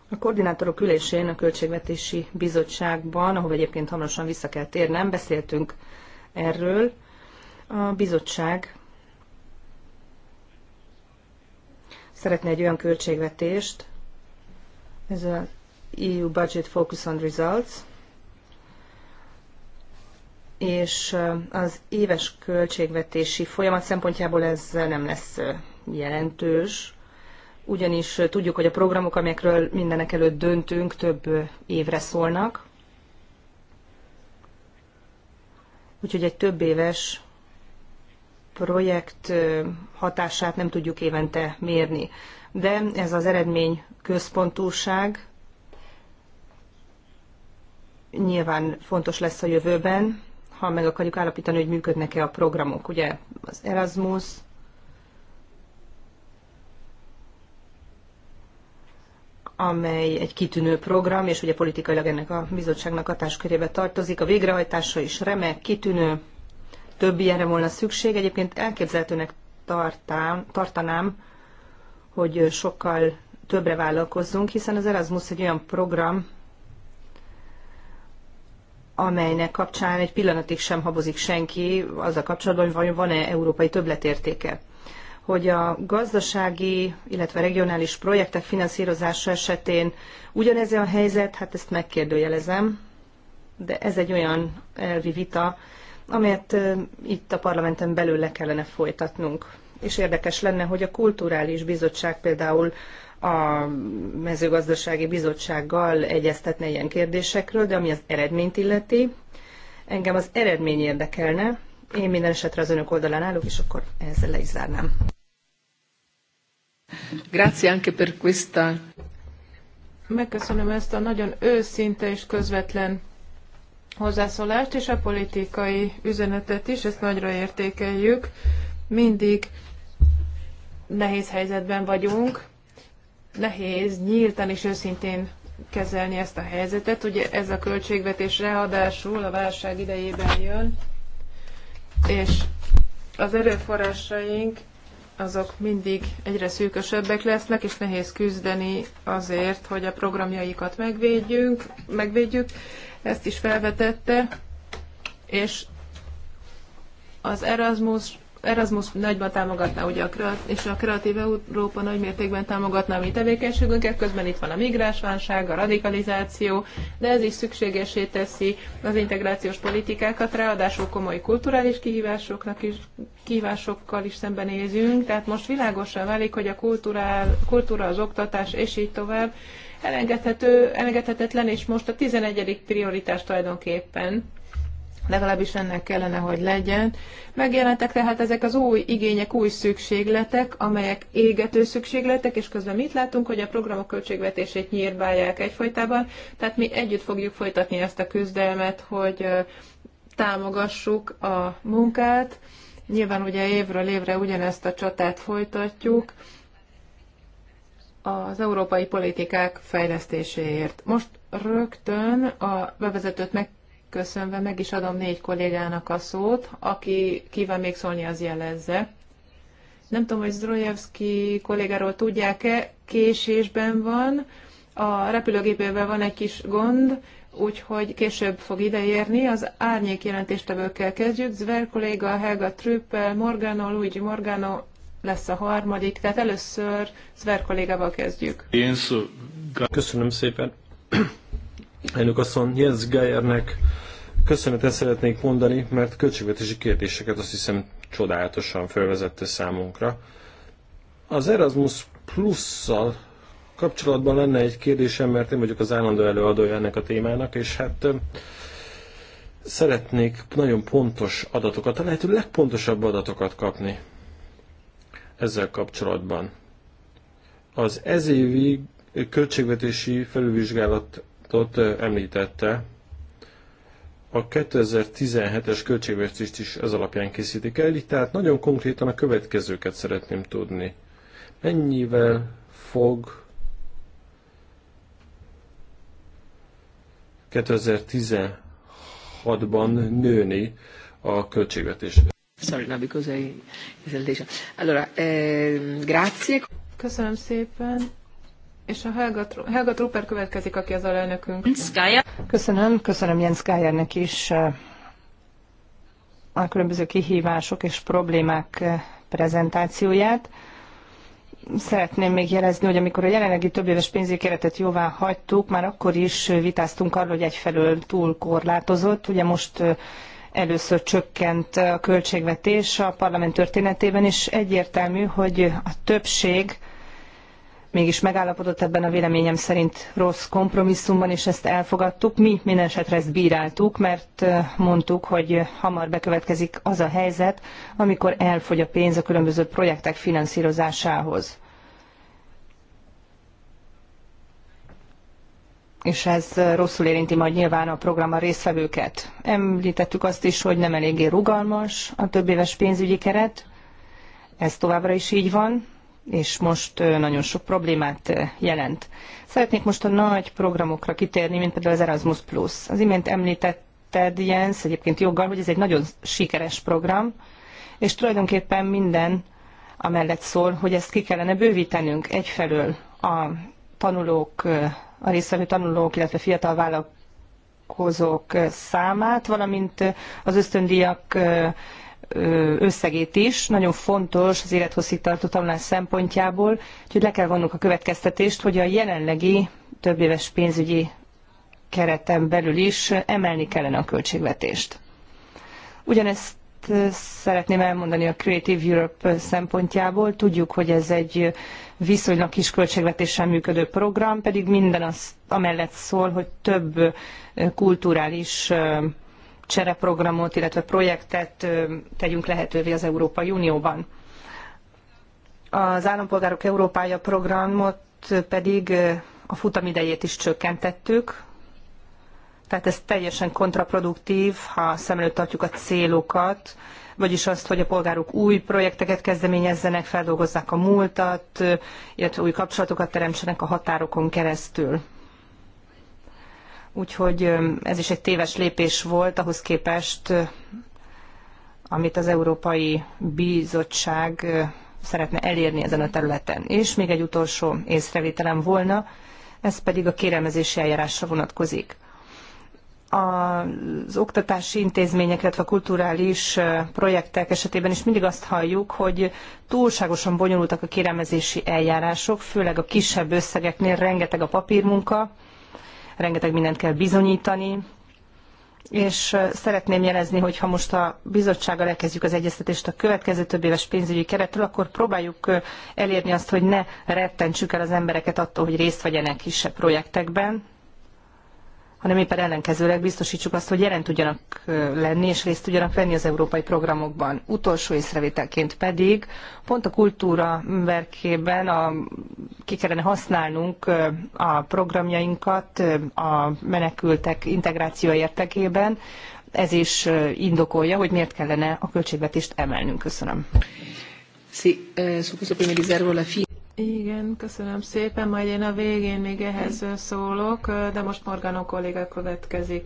A koordinátorok ülésén a Költségvetési Bizottságban, ahol egyébként hamarosan vissza kell térnem, beszéltünk erről. A bizottság szeretne egy olyan költségvetést, ez a EU Budget Focus on Results, és az éves költségvetési folyamat szempontjából ez nem lesz jelentős, ugyanis tudjuk, hogy a programok, amelyekről mindenek előtt döntünk, több évre szólnak. Úgyhogy egy több éves projekt hatását nem tudjuk évente mérni. De ez az eredmény központúság nyilván fontos lesz a jövőben, ha meg akarjuk állapítani, hogy működnek-e a programok. Ugye az Erasmus, amely egy kitűnő program, és ugye politikailag ennek a bizottságnak hatáskörébe tartozik. A végrehajtása is remek, kitűnő, több ilyenre volna szükség. Egyébként elképzelhetőnek tartám, tartanám, hogy sokkal többre vállalkozzunk, hiszen az Erasmus egy olyan program, amelynek kapcsán egy pillanatig sem habozik senki azzal kapcsolatban, hogy van-e európai többletértéke. Hogy a gazdasági, illetve regionális projektek finanszírozása esetén ugyanez a helyzet, hát ezt megkérdőjelezem, de ez egy olyan elvi vita, amelyet itt a parlamenten belül le kellene folytatnunk. És érdekes lenne, hogy a kulturális bizottság például a mezőgazdasági bizottsággal egyeztetne ilyen kérdésekről, de ami az eredményt illeti, engem az eredmény érdekelne. Én minden esetre az önök oldalán állok, és akkor ezzel le is zárnám. Grazie anche per questa. Megköszönöm ezt a nagyon őszinte és közvetlen hozzászólást, és a politikai üzenetet is, ezt nagyra értékeljük. Mindig nehéz helyzetben vagyunk, nehéz nyíltan és őszintén kezelni ezt a helyzetet. Ugye ez a költségvetés ráadásul a válság idejében jön, és az erőforrásaink azok mindig egyre szűkösebbek lesznek, és nehéz küzdeni azért, hogy a programjaikat megvédjünk, megvédjük. Ezt is felvetette, és az Erasmus Erasmus nagyban támogatná ugye a kreatív, és a Kreatív Európa nagy mértékben támogatná a mi tevékenységünket, közben itt van a migránsválság, a radikalizáció, de ez is szükségesé teszi az integrációs politikákat, ráadásul komoly kulturális kihívásoknak is, kihívásokkal is szembenézünk, tehát most világosan válik, hogy a kulturál, kultúra, az oktatás és így tovább elengedhető, elengedhetetlen, és most a 11. prioritás tulajdonképpen legalábbis ennek kellene, hogy legyen. Megjelentek tehát ezek az új igények, új szükségletek, amelyek égető szükségletek, és közben mit látunk, hogy a programok költségvetését nyírbálják egyfajtában, tehát mi együtt fogjuk folytatni ezt a küzdelmet, hogy támogassuk a munkát. Nyilván ugye évről évre ugyanezt a csatát folytatjuk az európai politikák fejlesztéséért. Most rögtön a bevezetőt meg köszönve meg is adom négy kollégának a szót, aki kíván még szólni, az jelezze. Nem tudom, hogy Zdrojevski kollégáról tudják-e, késésben van, a repülőgépével van egy kis gond, úgyhogy később fog ideérni. Az árnyék jelentéstevőkkel kezdjük. Zver kolléga, Helga Trüppel, Morgano, Luigi Morgano lesz a harmadik, tehát először Zver kollégával kezdjük. Köszönöm szépen. Elnök asszony, Jens Geiernek köszönetet szeretnék mondani, mert költségvetési kérdéseket azt hiszem csodálatosan felvezette számunkra. Az Erasmus Plusszal kapcsolatban lenne egy kérdésem, mert én vagyok az állandó előadója ennek a témának, és hát szeretnék nagyon pontos adatokat, a lehető legpontosabb adatokat kapni ezzel kapcsolatban. Az ezévi költségvetési felülvizsgálat Tot említette, a 2017-es költségvetést is ez alapján készítik el, így tehát nagyon konkrétan a következőket szeretném tudni. Mennyivel fog 2016-ban nőni a költségvetés? Sorry, no, because I... Allora, eh, grazie. Köszönöm szépen. És a Helga, Helga Trupper következik, aki az alelnökünk. Köszönöm, köszönöm Jens Gájernek is a különböző kihívások és problémák prezentációját. Szeretném még jelezni, hogy amikor a jelenlegi több éves pénzügyi keretet jóvá hagytuk, már akkor is vitáztunk arról, hogy egyfelől túl korlátozott. Ugye most először csökkent a költségvetés a parlament történetében, és egyértelmű, hogy a többség mégis megállapodott ebben a véleményem szerint rossz kompromisszumban, és ezt elfogadtuk. Mi minden esetre ezt bíráltuk, mert mondtuk, hogy hamar bekövetkezik az a helyzet, amikor elfogy a pénz a különböző projektek finanszírozásához. és ez rosszul érinti majd nyilván a program a résztvevőket. Említettük azt is, hogy nem eléggé rugalmas a többéves pénzügyi keret, ez továbbra is így van, és most nagyon sok problémát jelent. Szeretnék most a nagy programokra kitérni, mint például az Erasmus Plus. Az imént említetted, Jens, egyébként joggal, hogy ez egy nagyon sikeres program, és tulajdonképpen minden amellett szól, hogy ezt ki kellene bővítenünk egyfelől a tanulók, a részvevő tanulók, illetve fiatal vállalkozók számát, valamint az ösztöndíjak összegét is, nagyon fontos az élethosszígtartó tanulás szempontjából, úgyhogy le kell vonnunk a következtetést, hogy a jelenlegi többéves pénzügyi kereten belül is emelni kellene a költségvetést. Ugyanezt szeretném elmondani a Creative Europe szempontjából. Tudjuk, hogy ez egy viszonylag kis költségvetéssel működő program, pedig minden az amellett szól, hogy több kulturális csereprogramot, illetve projektet tegyünk lehetővé az Európai Unióban. Az Állampolgárok Európája programot pedig a futamidejét is csökkentettük, tehát ez teljesen kontraproduktív, ha szem előtt tartjuk a célokat, vagyis azt, hogy a polgárok új projekteket kezdeményezzenek, feldolgozzák a múltat, illetve új kapcsolatokat teremtsenek a határokon keresztül úgyhogy ez is egy téves lépés volt ahhoz képest, amit az Európai Bizottság szeretne elérni ezen a területen. És még egy utolsó észrevételem volna, ez pedig a kérelmezési eljárásra vonatkozik. Az oktatási intézmények, illetve a kulturális projektek esetében is mindig azt halljuk, hogy túlságosan bonyolultak a kérelmezési eljárások, főleg a kisebb összegeknél rengeteg a papírmunka, rengeteg mindent kell bizonyítani, és szeretném jelezni, hogy ha most a bizottsággal elkezdjük az egyeztetést a következő több éves pénzügyi keretről, akkor próbáljuk elérni azt, hogy ne rettentsük el az embereket attól, hogy részt vegyenek kisebb projektekben, hanem éppen ellenkezőleg biztosítsuk azt, hogy jelen tudjanak lenni és részt tudjanak venni az európai programokban. Utolsó észrevételként pedig pont a kultúra verkében a, ki kellene használnunk a programjainkat a menekültek integráció érdekében. Ez is indokolja, hogy miért kellene a költségvetést emelnünk. Köszönöm. Sí, eh, igen, köszönöm szépen, majd én a végén még ehhez szólok, de most Morgano kolléga következik.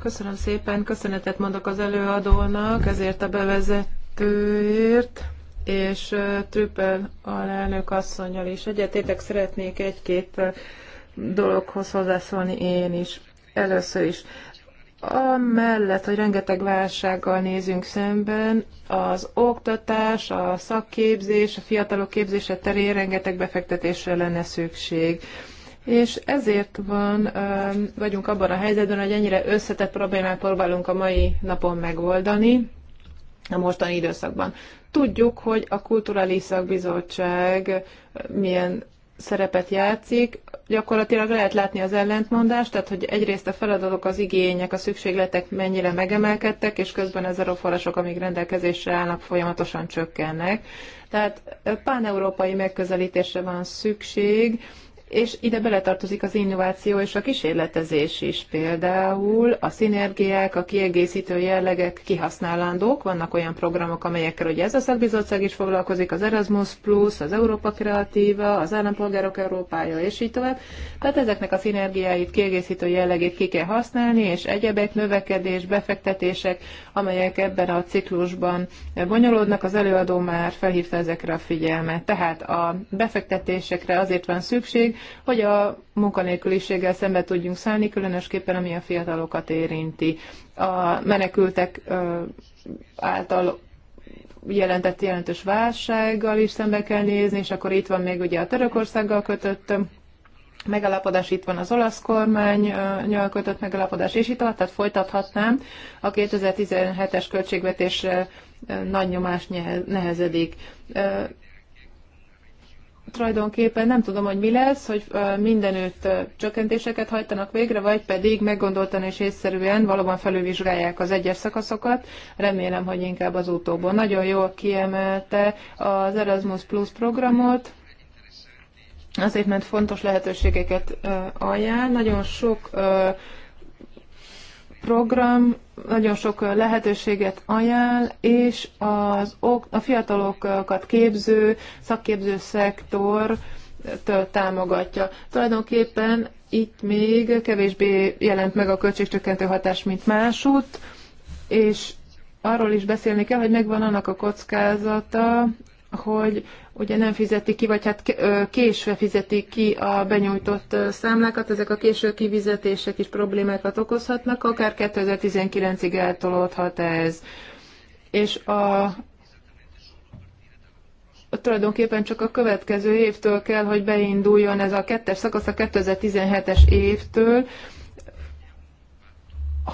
Köszönöm szépen, köszönetet mondok az előadónak ezért a bevezetőért, és Trüppel alelnök asszonyjal is egyetétek szeretnék egy-két dologhoz hozzászólni én is. Először is Amellett, hogy rengeteg válsággal nézünk szemben, az oktatás, a szakképzés, a fiatalok képzése terén rengeteg befektetésre lenne szükség. És ezért van, vagyunk abban a helyzetben, hogy ennyire összetett problémát próbálunk a mai napon megoldani, a mostani időszakban. Tudjuk, hogy a Kulturális Szakbizottság milyen szerepet játszik. Gyakorlatilag lehet látni az ellentmondást, tehát hogy egyrészt a feladatok, az igények, a szükségletek mennyire megemelkedtek, és közben az erőforrások, amik rendelkezésre állnak, folyamatosan csökkennek. Tehát pán-európai megközelítésre van szükség, és ide beletartozik az innováció és a kísérletezés is. Például a szinergiák, a kiegészítő jellegek kihasználandók, vannak olyan programok, amelyekkel ugye ez a szakbizottság is foglalkozik, az Erasmus Plus, az Európa Kreatíva, az Állampolgárok Európája, és így tovább. Tehát ezeknek a szinergiáit, kiegészítő jellegét ki kell használni, és egyebek, növekedés, befektetések, amelyek ebben a ciklusban bonyolódnak, az előadó már felhívta ezekre a figyelmet. Tehát a befektetésekre azért van szükség, hogy a munkanélküliséggel szembe tudjunk szállni, különösképpen ami a fiatalokat érinti. A menekültek által jelentett jelentős válsággal is szembe kell nézni, és akkor itt van még ugye a Törökországgal kötött megalapodás itt van az olasz kormány kötött megalapodás és itt tehát folytathatnám. A 2017-es költségvetésre nagy nyomás nehezedik tulajdonképpen nem tudom, hogy mi lesz, hogy mindenütt csökkentéseket hajtanak végre, vagy pedig meggondoltan és észszerűen valóban felülvizsgálják az egyes szakaszokat. Remélem, hogy inkább az utóból. Nagyon jól kiemelte az Erasmus Plus programot, azért, mert fontos lehetőségeket ajánl. Nagyon sok program nagyon sok lehetőséget ajánl, és az, a fiatalokat képző, szakképző szektor támogatja. Tulajdonképpen itt még kevésbé jelent meg a költségcsökkentő hatás, mint másút, és arról is beszélni kell, hogy megvan annak a kockázata, hogy ugye nem fizeti ki, vagy hát késve fizeti ki a benyújtott számlákat, ezek a késő kivizetések is problémákat okozhatnak, akár 2019-ig eltolódhat ez. És a, tulajdonképpen csak a következő évtől kell, hogy beinduljon ez a kettes szakasz, a 2017-es évtől.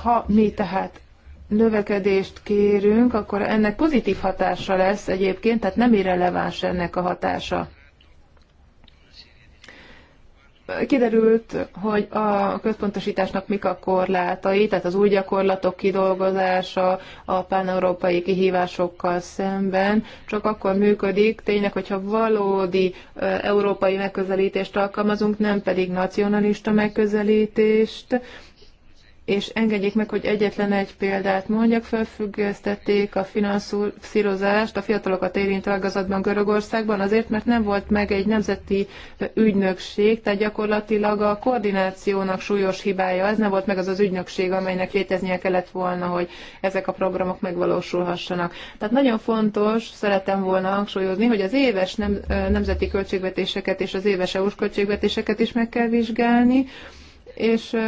Ha mi tehát növekedést kérünk, akkor ennek pozitív hatása lesz egyébként, tehát nem irreleváns ennek a hatása. Kiderült, hogy a központosításnak mik a korlátai, tehát az új gyakorlatok kidolgozása a páneurópai kihívásokkal szemben csak akkor működik, tényleg, hogyha valódi európai megközelítést alkalmazunk, nem pedig nacionalista megközelítést, és engedjék meg, hogy egyetlen egy példát mondjak, felfüggesztették a finanszírozást a fiatalokat érintő ágazatban Görögországban, azért, mert nem volt meg egy nemzeti ügynökség, tehát gyakorlatilag a koordinációnak súlyos hibája, ez nem volt meg az az ügynökség, amelynek léteznie kellett volna, hogy ezek a programok megvalósulhassanak. Tehát nagyon fontos, szeretem volna hangsúlyozni, hogy az éves nem, nemzeti költségvetéseket és az éves EU-s költségvetéseket is meg kell vizsgálni, és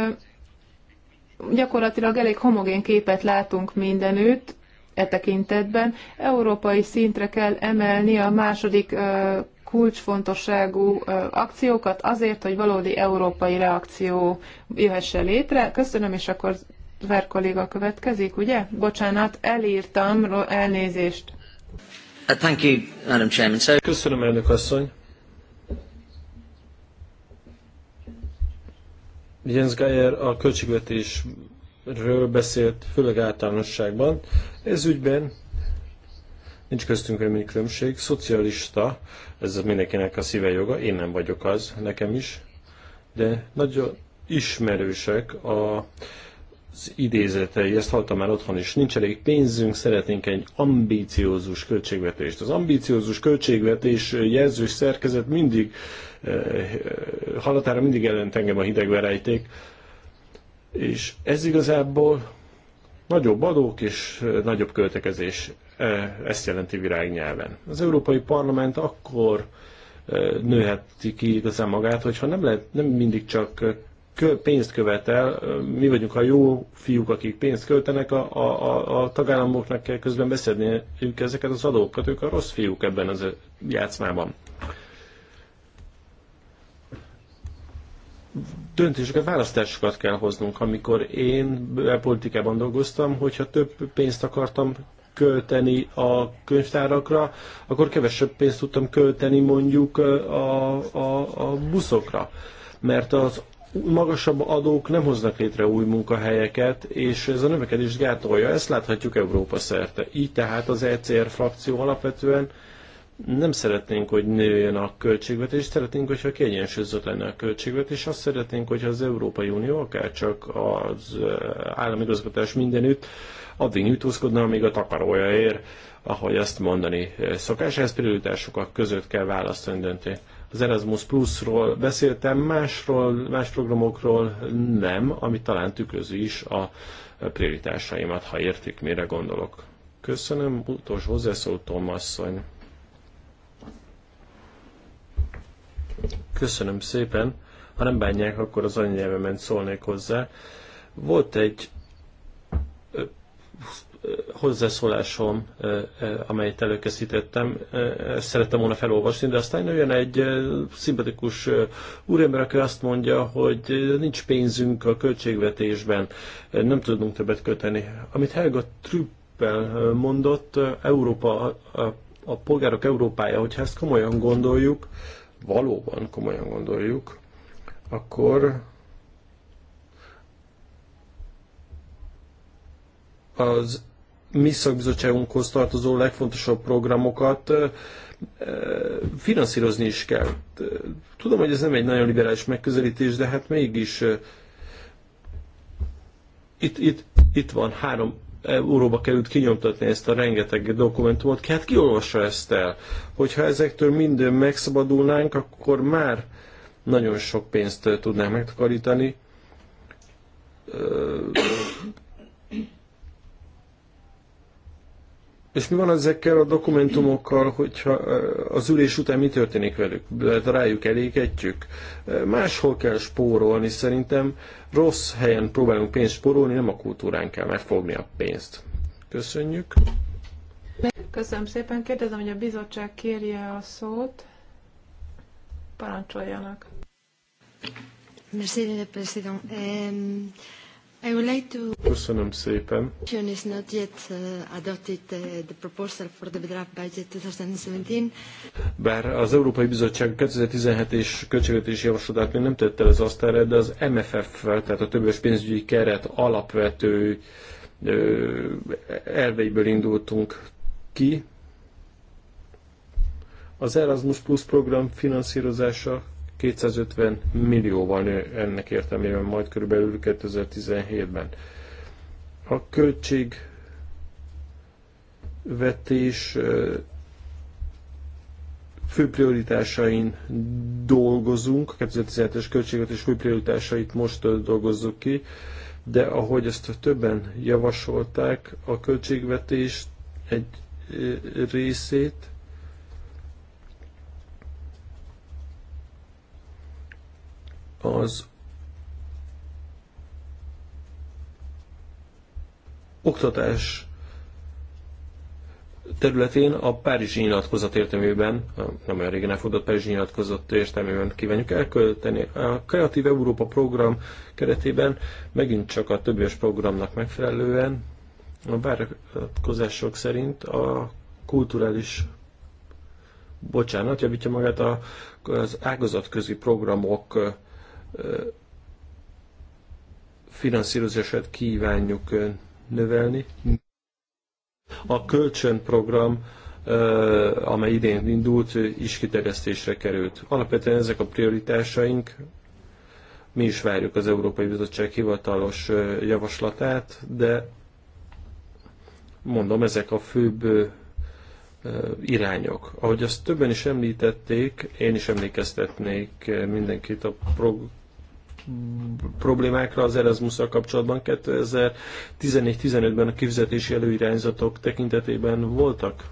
gyakorlatilag elég homogén képet látunk mindenütt, e tekintetben. Európai szintre kell emelni a második kulcsfontosságú akciókat azért, hogy valódi európai reakció jöhesse létre. Köszönöm, és akkor Ver kolléga következik, ugye? Bocsánat, elírtam, elnézést. Uh, thank you, Madam Chairman. Köszönöm, elnök asszony. Jens Geyer a költségvetésről beszélt, főleg általánosságban. Ez ügyben nincs köztünk különbség. Szocialista, ez mindenkinek a szíve joga, én nem vagyok az, nekem is, de nagyon ismerősek a az idézetei, ezt hallottam már otthon is, nincs elég pénzünk, szeretnénk egy ambíciózus költségvetést. Az ambíciózus költségvetés jelzős szerkezet mindig, eh, halatára mindig ellent engem a hidegverejték, és ez igazából nagyobb adók és eh, nagyobb költekezés, eh, ezt jelenti virágnyelven. Az Európai Parlament akkor nőheti ki igazán magát, hogyha nem, lehet, nem mindig csak pénzt követel, mi vagyunk a jó fiúk, akik pénzt költenek, a, a, a tagállamoknak kell közben beszedni ők ezeket az adókat, ők a rossz fiúk ebben az játszmában. döntéseket, választásokat kell hoznunk. Amikor én politikában dolgoztam, hogyha több pénzt akartam költeni a könyvtárakra, akkor kevesebb pénzt tudtam költeni mondjuk a, a, a buszokra. Mert az magasabb adók nem hoznak létre új munkahelyeket, és ez a növekedést gátolja. Ezt láthatjuk Európa szerte. Így tehát az ECR frakció alapvetően nem szeretnénk, hogy nőjön a költségvetés, szeretnénk, hogyha kiegyensúlyozott lenne a költségvetés, azt szeretnénk, hogyha az Európai Unió, akár csak az eh, államigazgatás mindenütt, addig nyújtózkodna, amíg a takarója ér, ahogy azt mondani eh, szokás, ez prioritások között kell választani döntést az Erasmus Plus-ról beszéltem, másról, más programokról nem, ami talán tükrözi is a prioritásaimat, ha értik, mire gondolok. Köszönöm, utolsó hozzászól Tomasszony. Köszönöm szépen. Ha nem bánják, akkor az anyanyelvemen szólnék hozzá. Volt egy hozzászólásom, amelyet előkészítettem, szerettem volna felolvasni, de aztán jön egy szimpatikus úrember, aki azt mondja, hogy nincs pénzünk a költségvetésben, nem tudunk többet köteni. Amit Helga Trüppel mondott, Európa, a, a polgárok Európája, hogyha ezt komolyan gondoljuk, valóban komolyan gondoljuk, akkor az mi szakbizottságunkhoz tartozó legfontosabb programokat finanszírozni is kell. Tudom, hogy ez nem egy nagyon liberális megközelítés, de hát mégis itt, itt, itt van három euróba került kinyomtatni ezt a rengeteg dokumentumot, hát ki hát kiolvassa ezt el. Hogyha ezektől minden megszabadulnánk, akkor már nagyon sok pénzt tudnánk megtakarítani. És mi van ezekkel a dokumentumokkal, hogyha az ülés után mi történik velük? Lehet rájuk elégetjük? Máshol kell spórolni, szerintem rossz helyen próbálunk pénzt spórolni, nem a kultúrán kell megfogni a pénzt. Köszönjük. Köszönöm szépen. Kérdezem, hogy a bizottság kérje a szót. Parancsoljanak. Merci, président. I would like to... Köszönöm szépen. is not yet uh, adopted uh, the proposal for the draft budget 2017. Bár az Európai Bizottság 2017 és költségvetési javaslatát még nem tette az asztalra, de az MFF-vel, tehát a többes pénzügyi keret alapvető elveiből indultunk ki. Az Erasmus Plus program finanszírozása 250 millióval nő ennek értelmében majd körülbelül 2017-ben. A költségvetés fő prioritásain dolgozunk, a 2017-es és fő prioritásait most dolgozzuk ki, de ahogy ezt többen javasolták, a költségvetés egy részét az oktatás területén a Párizsi nyilatkozat értelmében, nem olyan régen elfogadott Párizsi nyilatkozat értelmében kívánjuk elkölteni. A Kreatív Európa program keretében megint csak a többes programnak megfelelően a várakozások szerint a kulturális bocsánat, javítja magát az ágazatközi programok finanszírozását kívánjuk növelni. A kölcsönprogram, amely idén indult, is kiterjesztésre került. Alapvetően ezek a prioritásaink, mi is várjuk az Európai Bizottság hivatalos javaslatát, de mondom, ezek a főbb irányok. Ahogy azt többen is említették, én is emlékeztetnék mindenkit a program problémákra az erasmus kapcsolatban 2014-15-ben a kifizetési előirányzatok tekintetében voltak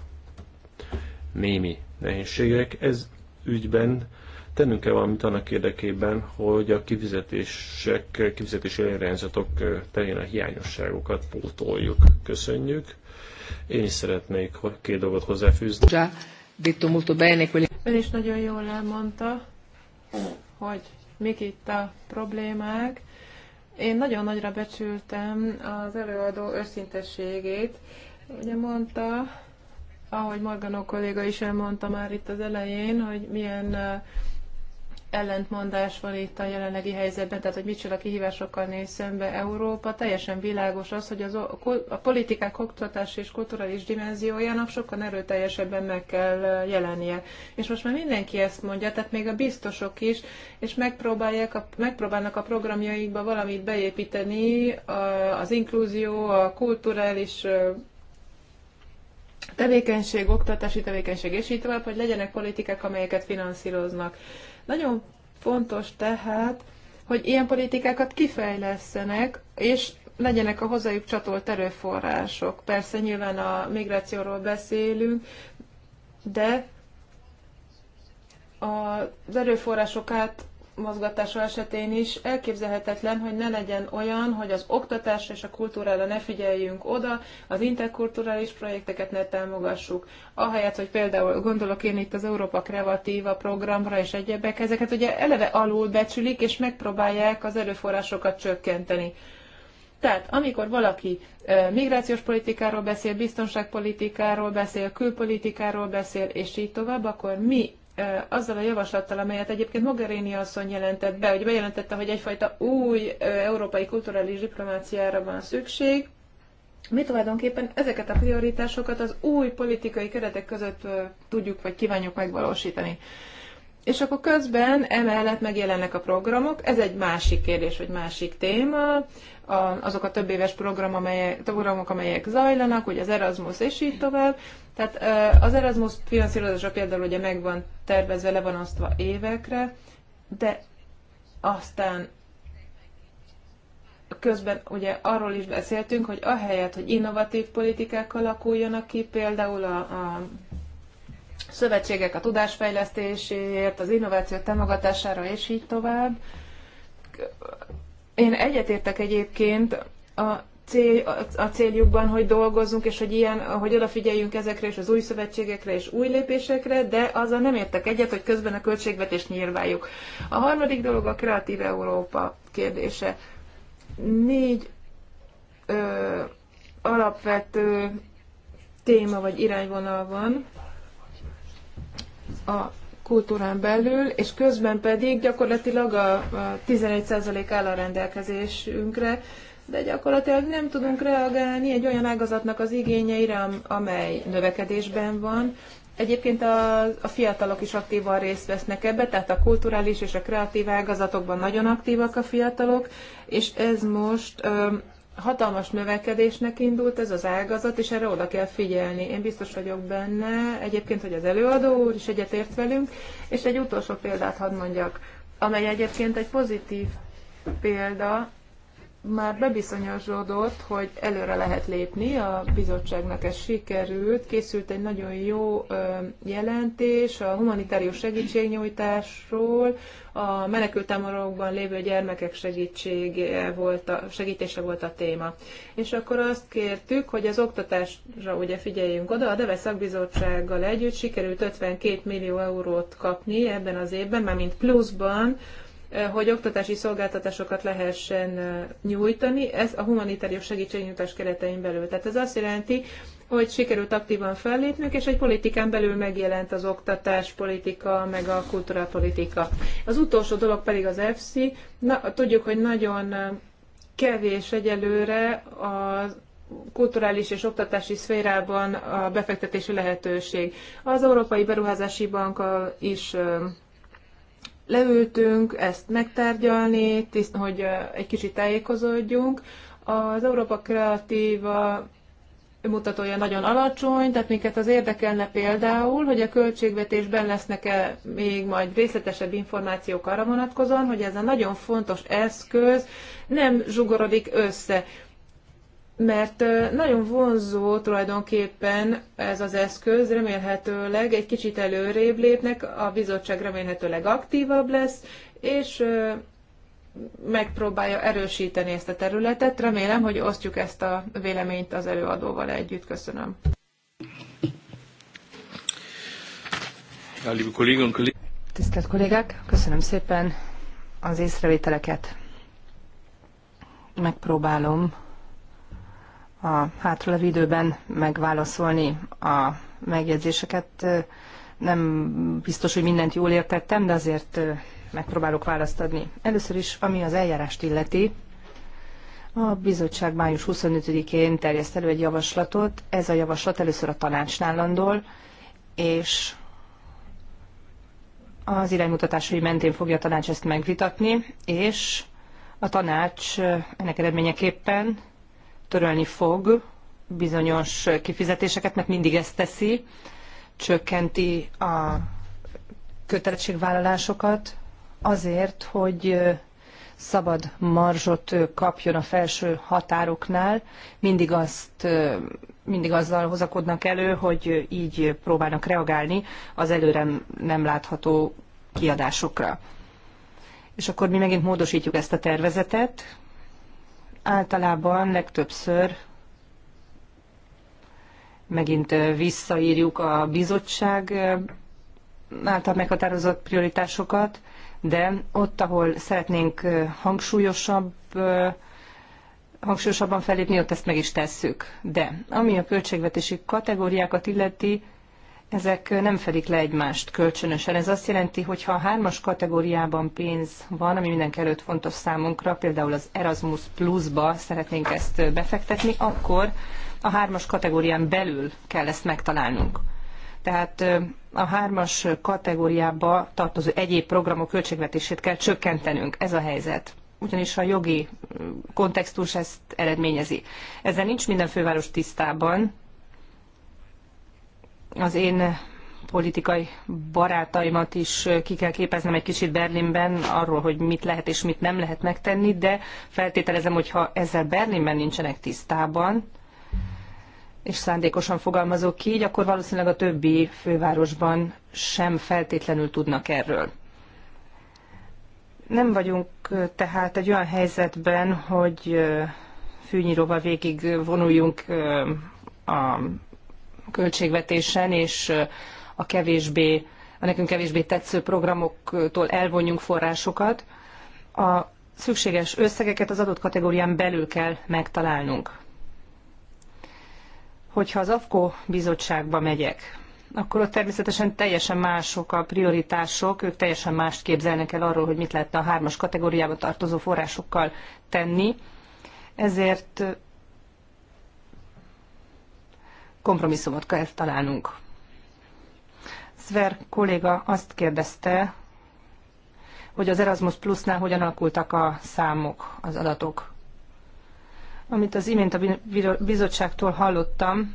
némi nehézségek. Ez ügyben tennünk kell valamit annak érdekében, hogy a kifizetések, kifizetési előirányzatok terén a hiányosságokat pótoljuk. Köszönjük. Én is szeretnék két dolgot hozzáfűzni. Ön is nagyon jól elmondta, hogy mik itt a problémák. Én nagyon nagyra becsültem az előadó őszintességét. Ugye mondta, ahogy Morganó kolléga is elmondta már itt az elején, hogy milyen ellentmondás van itt a jelenlegi helyzetben, tehát hogy micsoda kihívásokkal néz szembe Európa. Teljesen világos az, hogy az, a politikák oktatás és kulturális dimenziójának sokkal erőteljesebben meg kell jelennie. És most már mindenki ezt mondja, tehát még a biztosok is, és megpróbálják a, megpróbálnak a programjaikba valamit beépíteni, az inkluzió, a kulturális tevékenység, oktatási tevékenység, és így tovább, hogy legyenek politikák, amelyeket finanszíroznak. Nagyon fontos tehát, hogy ilyen politikákat kifejlesztenek, és legyenek a hozzájuk csatolt erőforrások. Persze nyilván a migrációról beszélünk, de az erőforrások át mozgatásról esetén is elképzelhetetlen, hogy ne legyen olyan, hogy az oktatásra és a kultúrára ne figyeljünk oda, az interkulturális projekteket ne támogassuk. Ahelyett, hogy például gondolok én itt az Európa Kreatíva programra és egyebek, ezeket ugye eleve alul becsülik, és megpróbálják az erőforrásokat csökkenteni. Tehát amikor valaki migrációs politikáról beszél, biztonságpolitikáról beszél, külpolitikáról beszél, és így tovább, akkor mi azzal a javaslattal, amelyet egyébként Mogherini asszony jelentett be, hogy bejelentette, hogy egyfajta új európai kulturális diplomáciára van szükség, mi tulajdonképpen ezeket a prioritásokat az új politikai keretek között tudjuk vagy kívánjuk megvalósítani. És akkor közben emellett megjelennek a programok, ez egy másik kérdés, vagy másik téma, a, azok a több éves program, amelyek, programok, amelyek zajlanak, ugye az Erasmus és így tovább. Tehát az Erasmus finanszírozása például ugye megvan tervezve, le van osztva évekre, de aztán közben ugye arról is beszéltünk, hogy ahelyett, hogy innovatív politikák alakuljanak ki, például a, a szövetségek a tudásfejlesztéséért, az innováció támogatására, és így tovább. Én egyetértek egyébként a cél, a céljukban, hogy dolgozzunk, és hogy, ilyen, hogy odafigyeljünk ezekre és az új szövetségekre és új lépésekre, de azzal nem értek egyet, hogy közben a költségvetést nyírváljuk. A harmadik dolog a kreatív Európa kérdése. Négy ö, alapvető téma vagy irányvonal van a kultúrán belül, és közben pedig gyakorlatilag a, a 11% áll a rendelkezésünkre, de gyakorlatilag nem tudunk reagálni egy olyan ágazatnak az igényeire, amely növekedésben van. Egyébként a, a fiatalok is aktívan részt vesznek ebbe, tehát a kulturális és a kreatív ágazatokban nagyon aktívak a fiatalok, és ez most hatalmas növekedésnek indult ez az ágazat, és erre oda kell figyelni. Én biztos vagyok benne, egyébként, hogy az előadó úr is egyetért velünk, és egy utolsó példát hadd mondjak, amely egyébként egy pozitív példa, már bebizonyosodott, hogy előre lehet lépni, a bizottságnak ez sikerült, készült egy nagyon jó jelentés a humanitárius segítségnyújtásról, a menekültámorokban lévő gyermekek segítsége volt a, segítése volt a téma. És akkor azt kértük, hogy az oktatásra ugye figyeljünk oda, a DEVE szakbizottsággal együtt sikerült 52 millió eurót kapni ebben az évben, már mint pluszban, Eh, hogy oktatási szolgáltatásokat lehessen eh, nyújtani, ez a humanitárius segítségnyújtás keretein belül. Tehát ez azt jelenti, hogy sikerült aktívan fellépnünk, és egy politikán belül megjelent az oktatás politika, meg a kultúrapolitika. Az utolsó dolog pedig az FC. Na, tudjuk, hogy nagyon eh, kevés egyelőre a kulturális és oktatási szférában a befektetési lehetőség. Az Európai Beruházási Bank is leültünk ezt megtárgyalni, tiszt, hogy egy kicsit tájékozódjunk. Az Európa Kreatíva mutatója nagyon alacsony, tehát minket az érdekelne például, hogy a költségvetésben lesznek-e még majd részletesebb információk arra vonatkozóan, hogy ez a nagyon fontos eszköz nem zsugorodik össze mert nagyon vonzó tulajdonképpen ez az eszköz, remélhetőleg egy kicsit előrébb lépnek, a bizottság remélhetőleg aktívabb lesz, és megpróbálja erősíteni ezt a területet. Remélem, hogy osztjuk ezt a véleményt az előadóval együtt. Köszönöm. Tisztelt kollégák, köszönöm szépen az észrevételeket. Megpróbálom a hátralevő időben megválaszolni a megjegyzéseket. Nem biztos, hogy mindent jól értettem, de azért megpróbálok választ adni. Először is, ami az eljárást illeti, a bizottság május 25-én terjeszt elő egy javaslatot. Ez a javaslat először a tanácsnál landol, és az iránymutatásai mentén fogja a tanács ezt megvitatni, és a tanács ennek eredményeképpen törölni fog bizonyos kifizetéseket, mert mindig ezt teszi, csökkenti a kötelezettségvállalásokat azért, hogy szabad marzsot kapjon a felső határoknál, mindig, azt, mindig azzal hozakodnak elő, hogy így próbálnak reagálni az előre nem látható kiadásokra. És akkor mi megint módosítjuk ezt a tervezetet, általában legtöbbször megint visszaírjuk a bizottság által meghatározott prioritásokat, de ott, ahol szeretnénk hangsúlyosabb, hangsúlyosabban felépni, ott ezt meg is tesszük. De ami a költségvetési kategóriákat illeti, ezek nem fedik le egymást kölcsönösen. Ez azt jelenti, hogy ha a hármas kategóriában pénz van, ami minden előtt fontos számunkra, például az Erasmus Plus-ba szeretnénk ezt befektetni, akkor a hármas kategórián belül kell ezt megtalálnunk. Tehát a hármas kategóriába tartozó egyéb programok költségvetését kell csökkentenünk. Ez a helyzet ugyanis a jogi kontextus ezt eredményezi. Ezzel nincs minden főváros tisztában, az én politikai barátaimat is ki kell képeznem egy kicsit Berlinben arról, hogy mit lehet és mit nem lehet megtenni, de feltételezem, hogy ha ezzel Berlinben nincsenek tisztában, és szándékosan fogalmazok így, akkor valószínűleg a többi fővárosban sem feltétlenül tudnak erről. Nem vagyunk tehát egy olyan helyzetben, hogy fűnyíróval végig vonuljunk a költségvetésen, és a kevésbé, a nekünk kevésbé tetsző programoktól elvonjunk forrásokat. A szükséges összegeket az adott kategórián belül kell megtalálnunk. Hogyha az AFKO bizottságba megyek, akkor ott természetesen teljesen mások a prioritások, ők teljesen mást képzelnek el arról, hogy mit lehetne a hármas kategóriába tartozó forrásokkal tenni. Ezért kompromisszumot kell találnunk. Szver kolléga azt kérdezte, hogy az Erasmus Plusnál hogyan alakultak a számok, az adatok. Amit az imént a bizottságtól hallottam,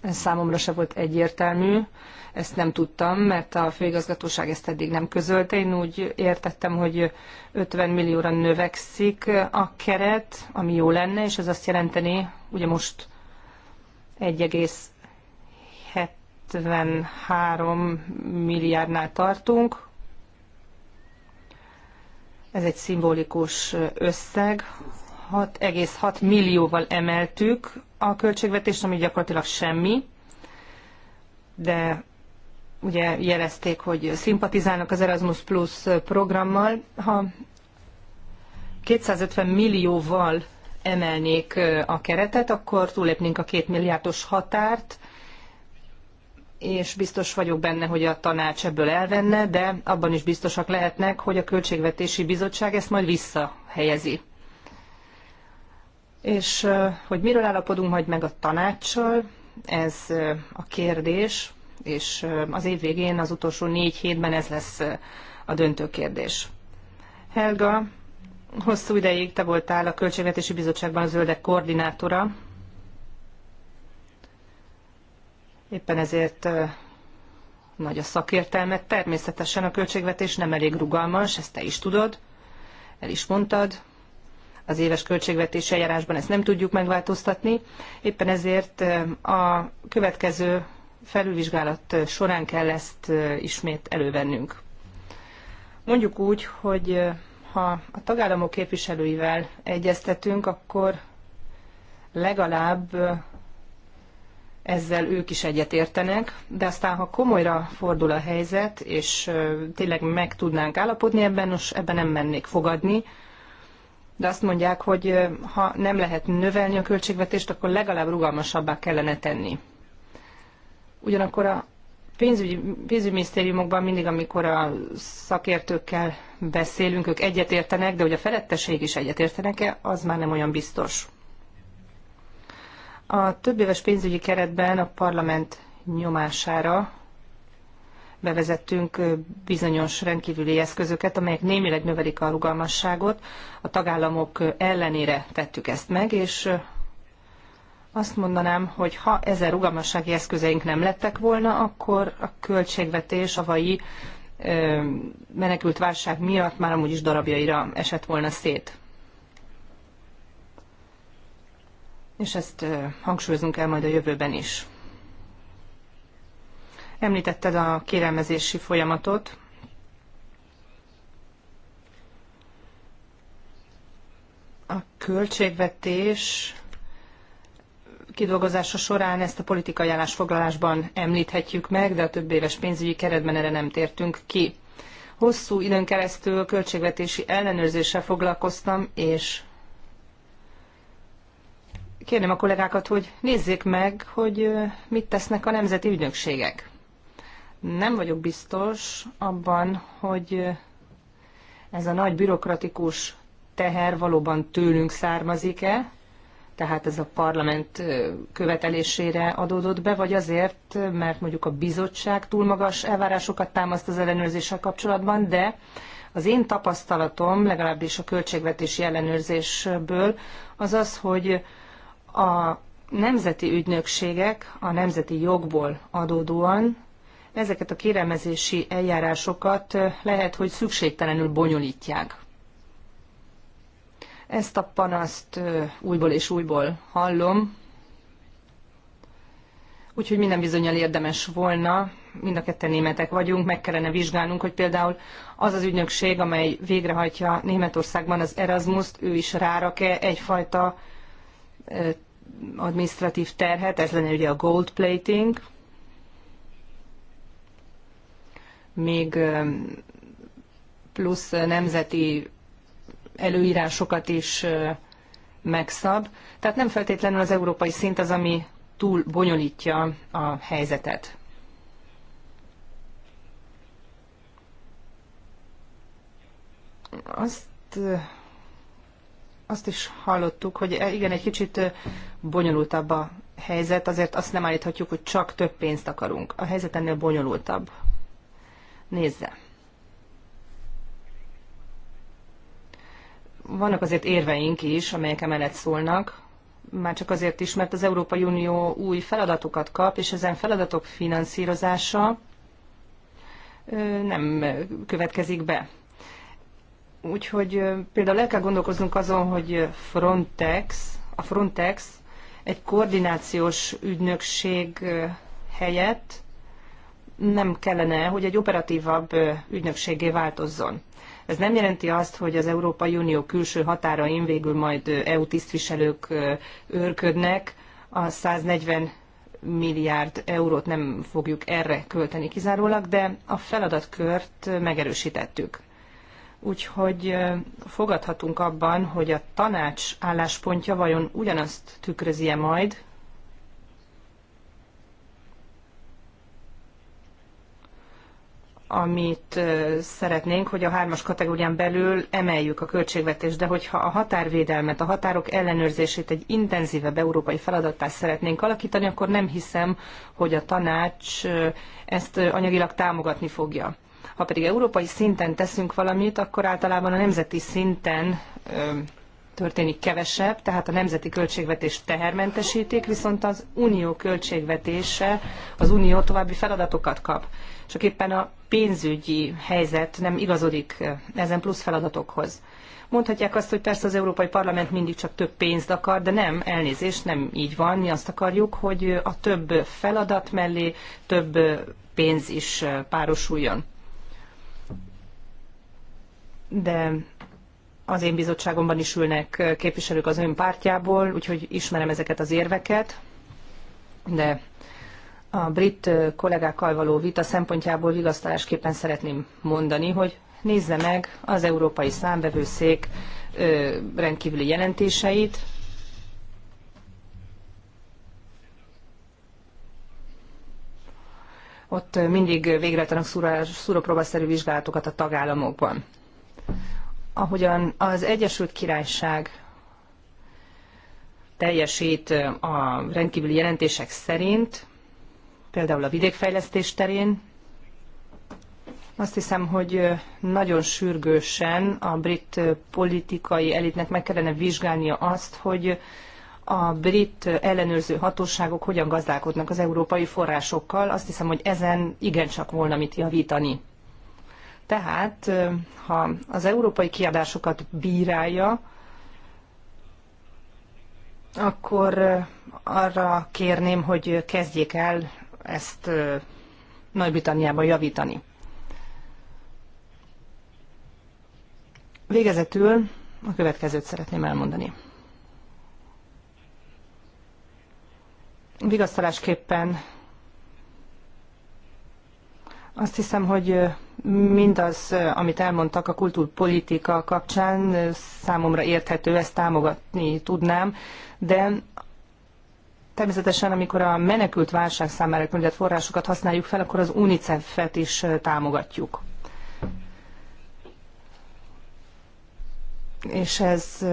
ez számomra se volt egyértelmű, ezt nem tudtam, mert a főigazgatóság ezt eddig nem közölte. Én úgy értettem, hogy 50 millióra növekszik a keret, ami jó lenne, és ez azt jelenteni, ugye most 1,73 milliárdnál tartunk. Ez egy szimbolikus összeg. 6,6 millióval emeltük a költségvetést, ami gyakorlatilag semmi, de ugye jelezték, hogy szimpatizálnak az Erasmus Plus programmal. Ha 250 millióval emelnék a keretet, akkor túlépnénk a két milliárdos határt, és biztos vagyok benne, hogy a tanács ebből elvenne, de abban is biztosak lehetnek, hogy a Költségvetési Bizottság ezt majd visszahelyezi. És hogy miről állapodunk majd meg a tanácssal, ez a kérdés, és az év végén, az utolsó négy hétben ez lesz a döntő kérdés. Helga, Hosszú ideig te voltál a Költségvetési Bizottságban a zöldek koordinátora. Éppen ezért nagy a szakértelmet. Természetesen a költségvetés nem elég rugalmas, ezt te is tudod, el is mondtad. Az éves költségvetési eljárásban ezt nem tudjuk megváltoztatni. Éppen ezért a következő felülvizsgálat során kell ezt ismét elővennünk. Mondjuk úgy, hogy ha a tagállamok képviselőivel egyeztetünk, akkor legalább ezzel ők is egyetértenek, de aztán, ha komolyra fordul a helyzet, és tényleg meg tudnánk állapodni ebben, nos, ebben nem mennék fogadni, de azt mondják, hogy ha nem lehet növelni a költségvetést, akkor legalább rugalmasabbá kellene tenni. Ugyanakkor a pénzügyi, pénzügyminisztériumokban mindig, amikor a szakértőkkel beszélünk, ők egyetértenek, de hogy a feletteség is egyetértenek-e, az már nem olyan biztos. A több éves pénzügyi keretben a parlament nyomására bevezettünk bizonyos rendkívüli eszközöket, amelyek némileg növelik a rugalmasságot. A tagállamok ellenére tettük ezt meg, és azt mondanám, hogy ha ezer rugalmassági eszközeink nem lettek volna, akkor a költségvetés a vai menekült válság miatt már amúgy is darabjaira esett volna szét. És ezt hangsúlyozunk el majd a jövőben is. Említetted a kérelmezési folyamatot. A költségvetés kidolgozása során ezt a politikai állásfoglalásban említhetjük meg, de a több éves pénzügyi keretben erre nem tértünk ki. Hosszú időn keresztül költségvetési ellenőrzéssel foglalkoztam, és kérném a kollégákat, hogy nézzék meg, hogy mit tesznek a nemzeti ügynökségek. Nem vagyok biztos abban, hogy ez a nagy bürokratikus teher valóban tőlünk származik-e, tehát ez a parlament követelésére adódott be, vagy azért, mert mondjuk a bizottság túl magas elvárásokat támaszt az ellenőrzéssel kapcsolatban, de az én tapasztalatom, legalábbis a költségvetési ellenőrzésből, az az, hogy a nemzeti ügynökségek a nemzeti jogból adódóan ezeket a kérelmezési eljárásokat lehet, hogy szükségtelenül bonyolítják. Ezt a panaszt újból és újból hallom, úgyhogy minden bizonyal érdemes volna, mind a ketten németek vagyunk, meg kellene vizsgálnunk, hogy például az az ügynökség, amely végrehajtja Németországban az Erasmus-t, ő is rárak-e egyfajta administratív terhet, ez lenne ugye a gold plating, még plusz nemzeti előírásokat is megszab. Tehát nem feltétlenül az európai szint az, ami túl bonyolítja a helyzetet. Azt azt is hallottuk, hogy e, igen, egy kicsit bonyolultabb a helyzet, azért azt nem állíthatjuk, hogy csak több pénzt akarunk. A helyzet ennél bonyolultabb. Nézze. vannak azért érveink is, amelyek emellett szólnak, már csak azért is, mert az Európai Unió új feladatokat kap, és ezen feladatok finanszírozása nem következik be. Úgyhogy például el kell gondolkoznunk azon, hogy Frontex, a Frontex egy koordinációs ügynökség helyett nem kellene, hogy egy operatívabb ügynökségé változzon. Ez nem jelenti azt, hogy az Európai Unió külső határain végül majd EU tisztviselők őrködnek. A 140 milliárd eurót nem fogjuk erre költeni kizárólag, de a feladatkört megerősítettük. Úgyhogy fogadhatunk abban, hogy a tanács álláspontja vajon ugyanazt tükrözi-e majd, amit szeretnénk, hogy a hármas kategórián belül emeljük a költségvetést, de hogyha a határvédelmet, a határok ellenőrzését egy intenzívebb európai feladattá szeretnénk alakítani, akkor nem hiszem, hogy a tanács ezt anyagilag támogatni fogja. Ha pedig európai szinten teszünk valamit, akkor általában a nemzeti szinten történik kevesebb, tehát a nemzeti költségvetés tehermentesítik, viszont az unió költségvetése, az unió további feladatokat kap csak éppen a pénzügyi helyzet nem igazodik eh, ezen plusz feladatokhoz. Mondhatják azt, hogy persze az Európai Parlament mindig csak több pénzt akar, de nem, elnézést, nem így van. Mi azt akarjuk, hogy eh, a több feladat mellé több eh, pénz is párosuljon. De az én bizottságomban is ülnek képviselők az ön pártjából, úgyhogy ismerem ezeket az érveket, de a brit kollégákkal való vita szempontjából vigasztalásképpen szeretném mondani, hogy nézze meg az Európai Számbevőszék rendkívüli jelentéseit, ott mindig végrehajtanak szúrópróbaszerű vizsgálatokat a tagállamokban. Ahogyan az Egyesült Királyság teljesít a rendkívüli jelentések szerint, például a vidékfejlesztés terén. Azt hiszem, hogy nagyon sürgősen a brit politikai elitnek meg kellene vizsgálnia azt, hogy a brit ellenőrző hatóságok hogyan gazdálkodnak az európai forrásokkal. Azt hiszem, hogy ezen igencsak volna mit javítani. Tehát, ha az európai kiadásokat bírálja, akkor arra kérném, hogy kezdjék el ezt Nagy-Britanniában javítani. Végezetül a következőt szeretném elmondani. Vigasztalásképpen azt hiszem, hogy mindaz, amit elmondtak a kultúrpolitika kapcsán, számomra érthető, ezt támogatni tudnám, de Természetesen, amikor a menekült válság számára különített forrásokat használjuk fel, akkor az UNICEF-et is támogatjuk. És ez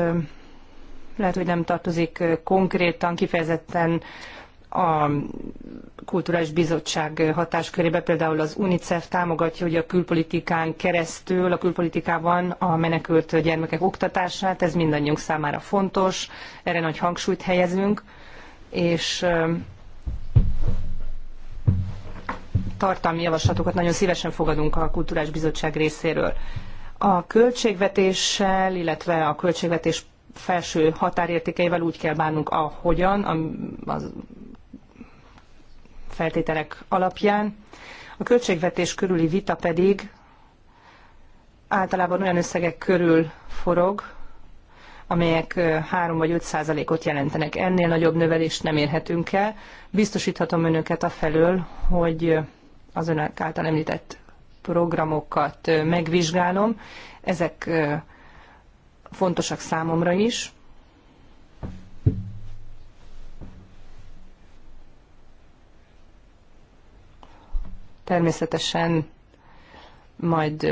lehet, hogy nem tartozik konkrétan, kifejezetten a Kulturális Bizottság hatáskörébe, például az UNICEF támogatja, hogy a külpolitikán keresztül, a külpolitikában a menekült gyermekek oktatását, ez mindannyiunk számára fontos, erre nagy hangsúlyt helyezünk és tartalmi javaslatokat nagyon szívesen fogadunk a Kulturális Bizottság részéről. A költségvetéssel, illetve a költségvetés felső határértékeivel úgy kell bánnunk, ahogyan, a, a feltételek alapján. A költségvetés körüli vita pedig általában olyan összegek körül forog, amelyek 3 vagy 5 százalékot jelentenek. Ennél nagyobb növelést nem érhetünk el. Biztosíthatom önöket a felől, hogy az önök által említett programokat megvizsgálom. Ezek fontosak számomra is. Természetesen majd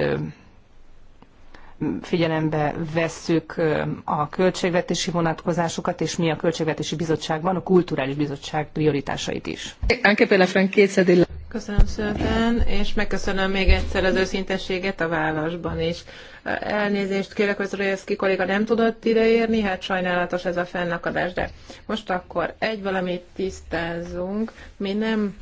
figyelembe vesszük a költségvetési vonatkozásokat, és mi a Költségvetési Bizottságban a Kulturális Bizottság prioritásait is. Köszönöm szépen, és megköszönöm még egyszer az őszintességet a válaszban is. Elnézést kérek, hogy Zrojewski kolléga nem tudott ideérni, hát sajnálatos ez a fennakadás, de most akkor egy valamit tisztázunk. Mi nem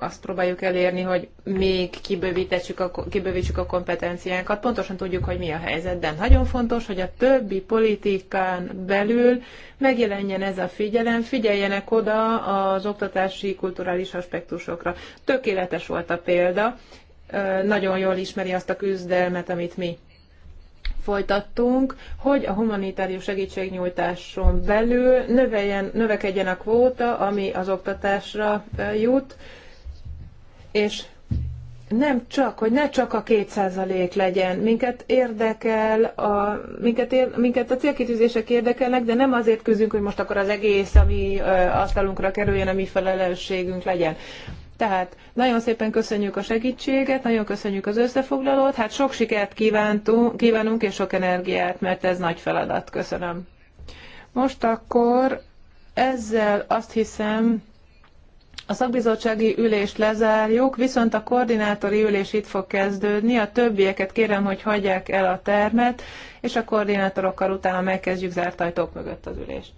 azt próbáljuk elérni, hogy még kibővítsük a, kibővítsük a kompetenciánkat. Pontosan tudjuk, hogy mi a helyzet, de nagyon fontos, hogy a többi politikán belül megjelenjen ez a figyelem, figyeljenek oda az oktatási kulturális aspektusokra. Tökéletes volt a példa, nagyon jól ismeri azt a küzdelmet, amit mi folytattunk, hogy a humanitárius segítségnyújtáson belül növeljen, növekedjen a kvóta, ami az oktatásra jut, és nem csak, hogy ne csak a kétszázalék legyen. Minket érdekel, a, minket, ér, minket a célkitűzések érdekelnek, de nem azért küzdünk, hogy most akkor az egész, ami asztalunkra kerüljön, a mi felelősségünk legyen. Tehát nagyon szépen köszönjük a segítséget, nagyon köszönjük az összefoglalót, hát sok sikert kívántunk, kívánunk és sok energiát, mert ez nagy feladat. Köszönöm. Most akkor ezzel azt hiszem, a szakbizottsági ülést lezárjuk, viszont a koordinátori ülés itt fog kezdődni. A többieket kérem, hogy hagyják el a termet, és a koordinátorokkal utána megkezdjük zárt ajtók mögött az ülést.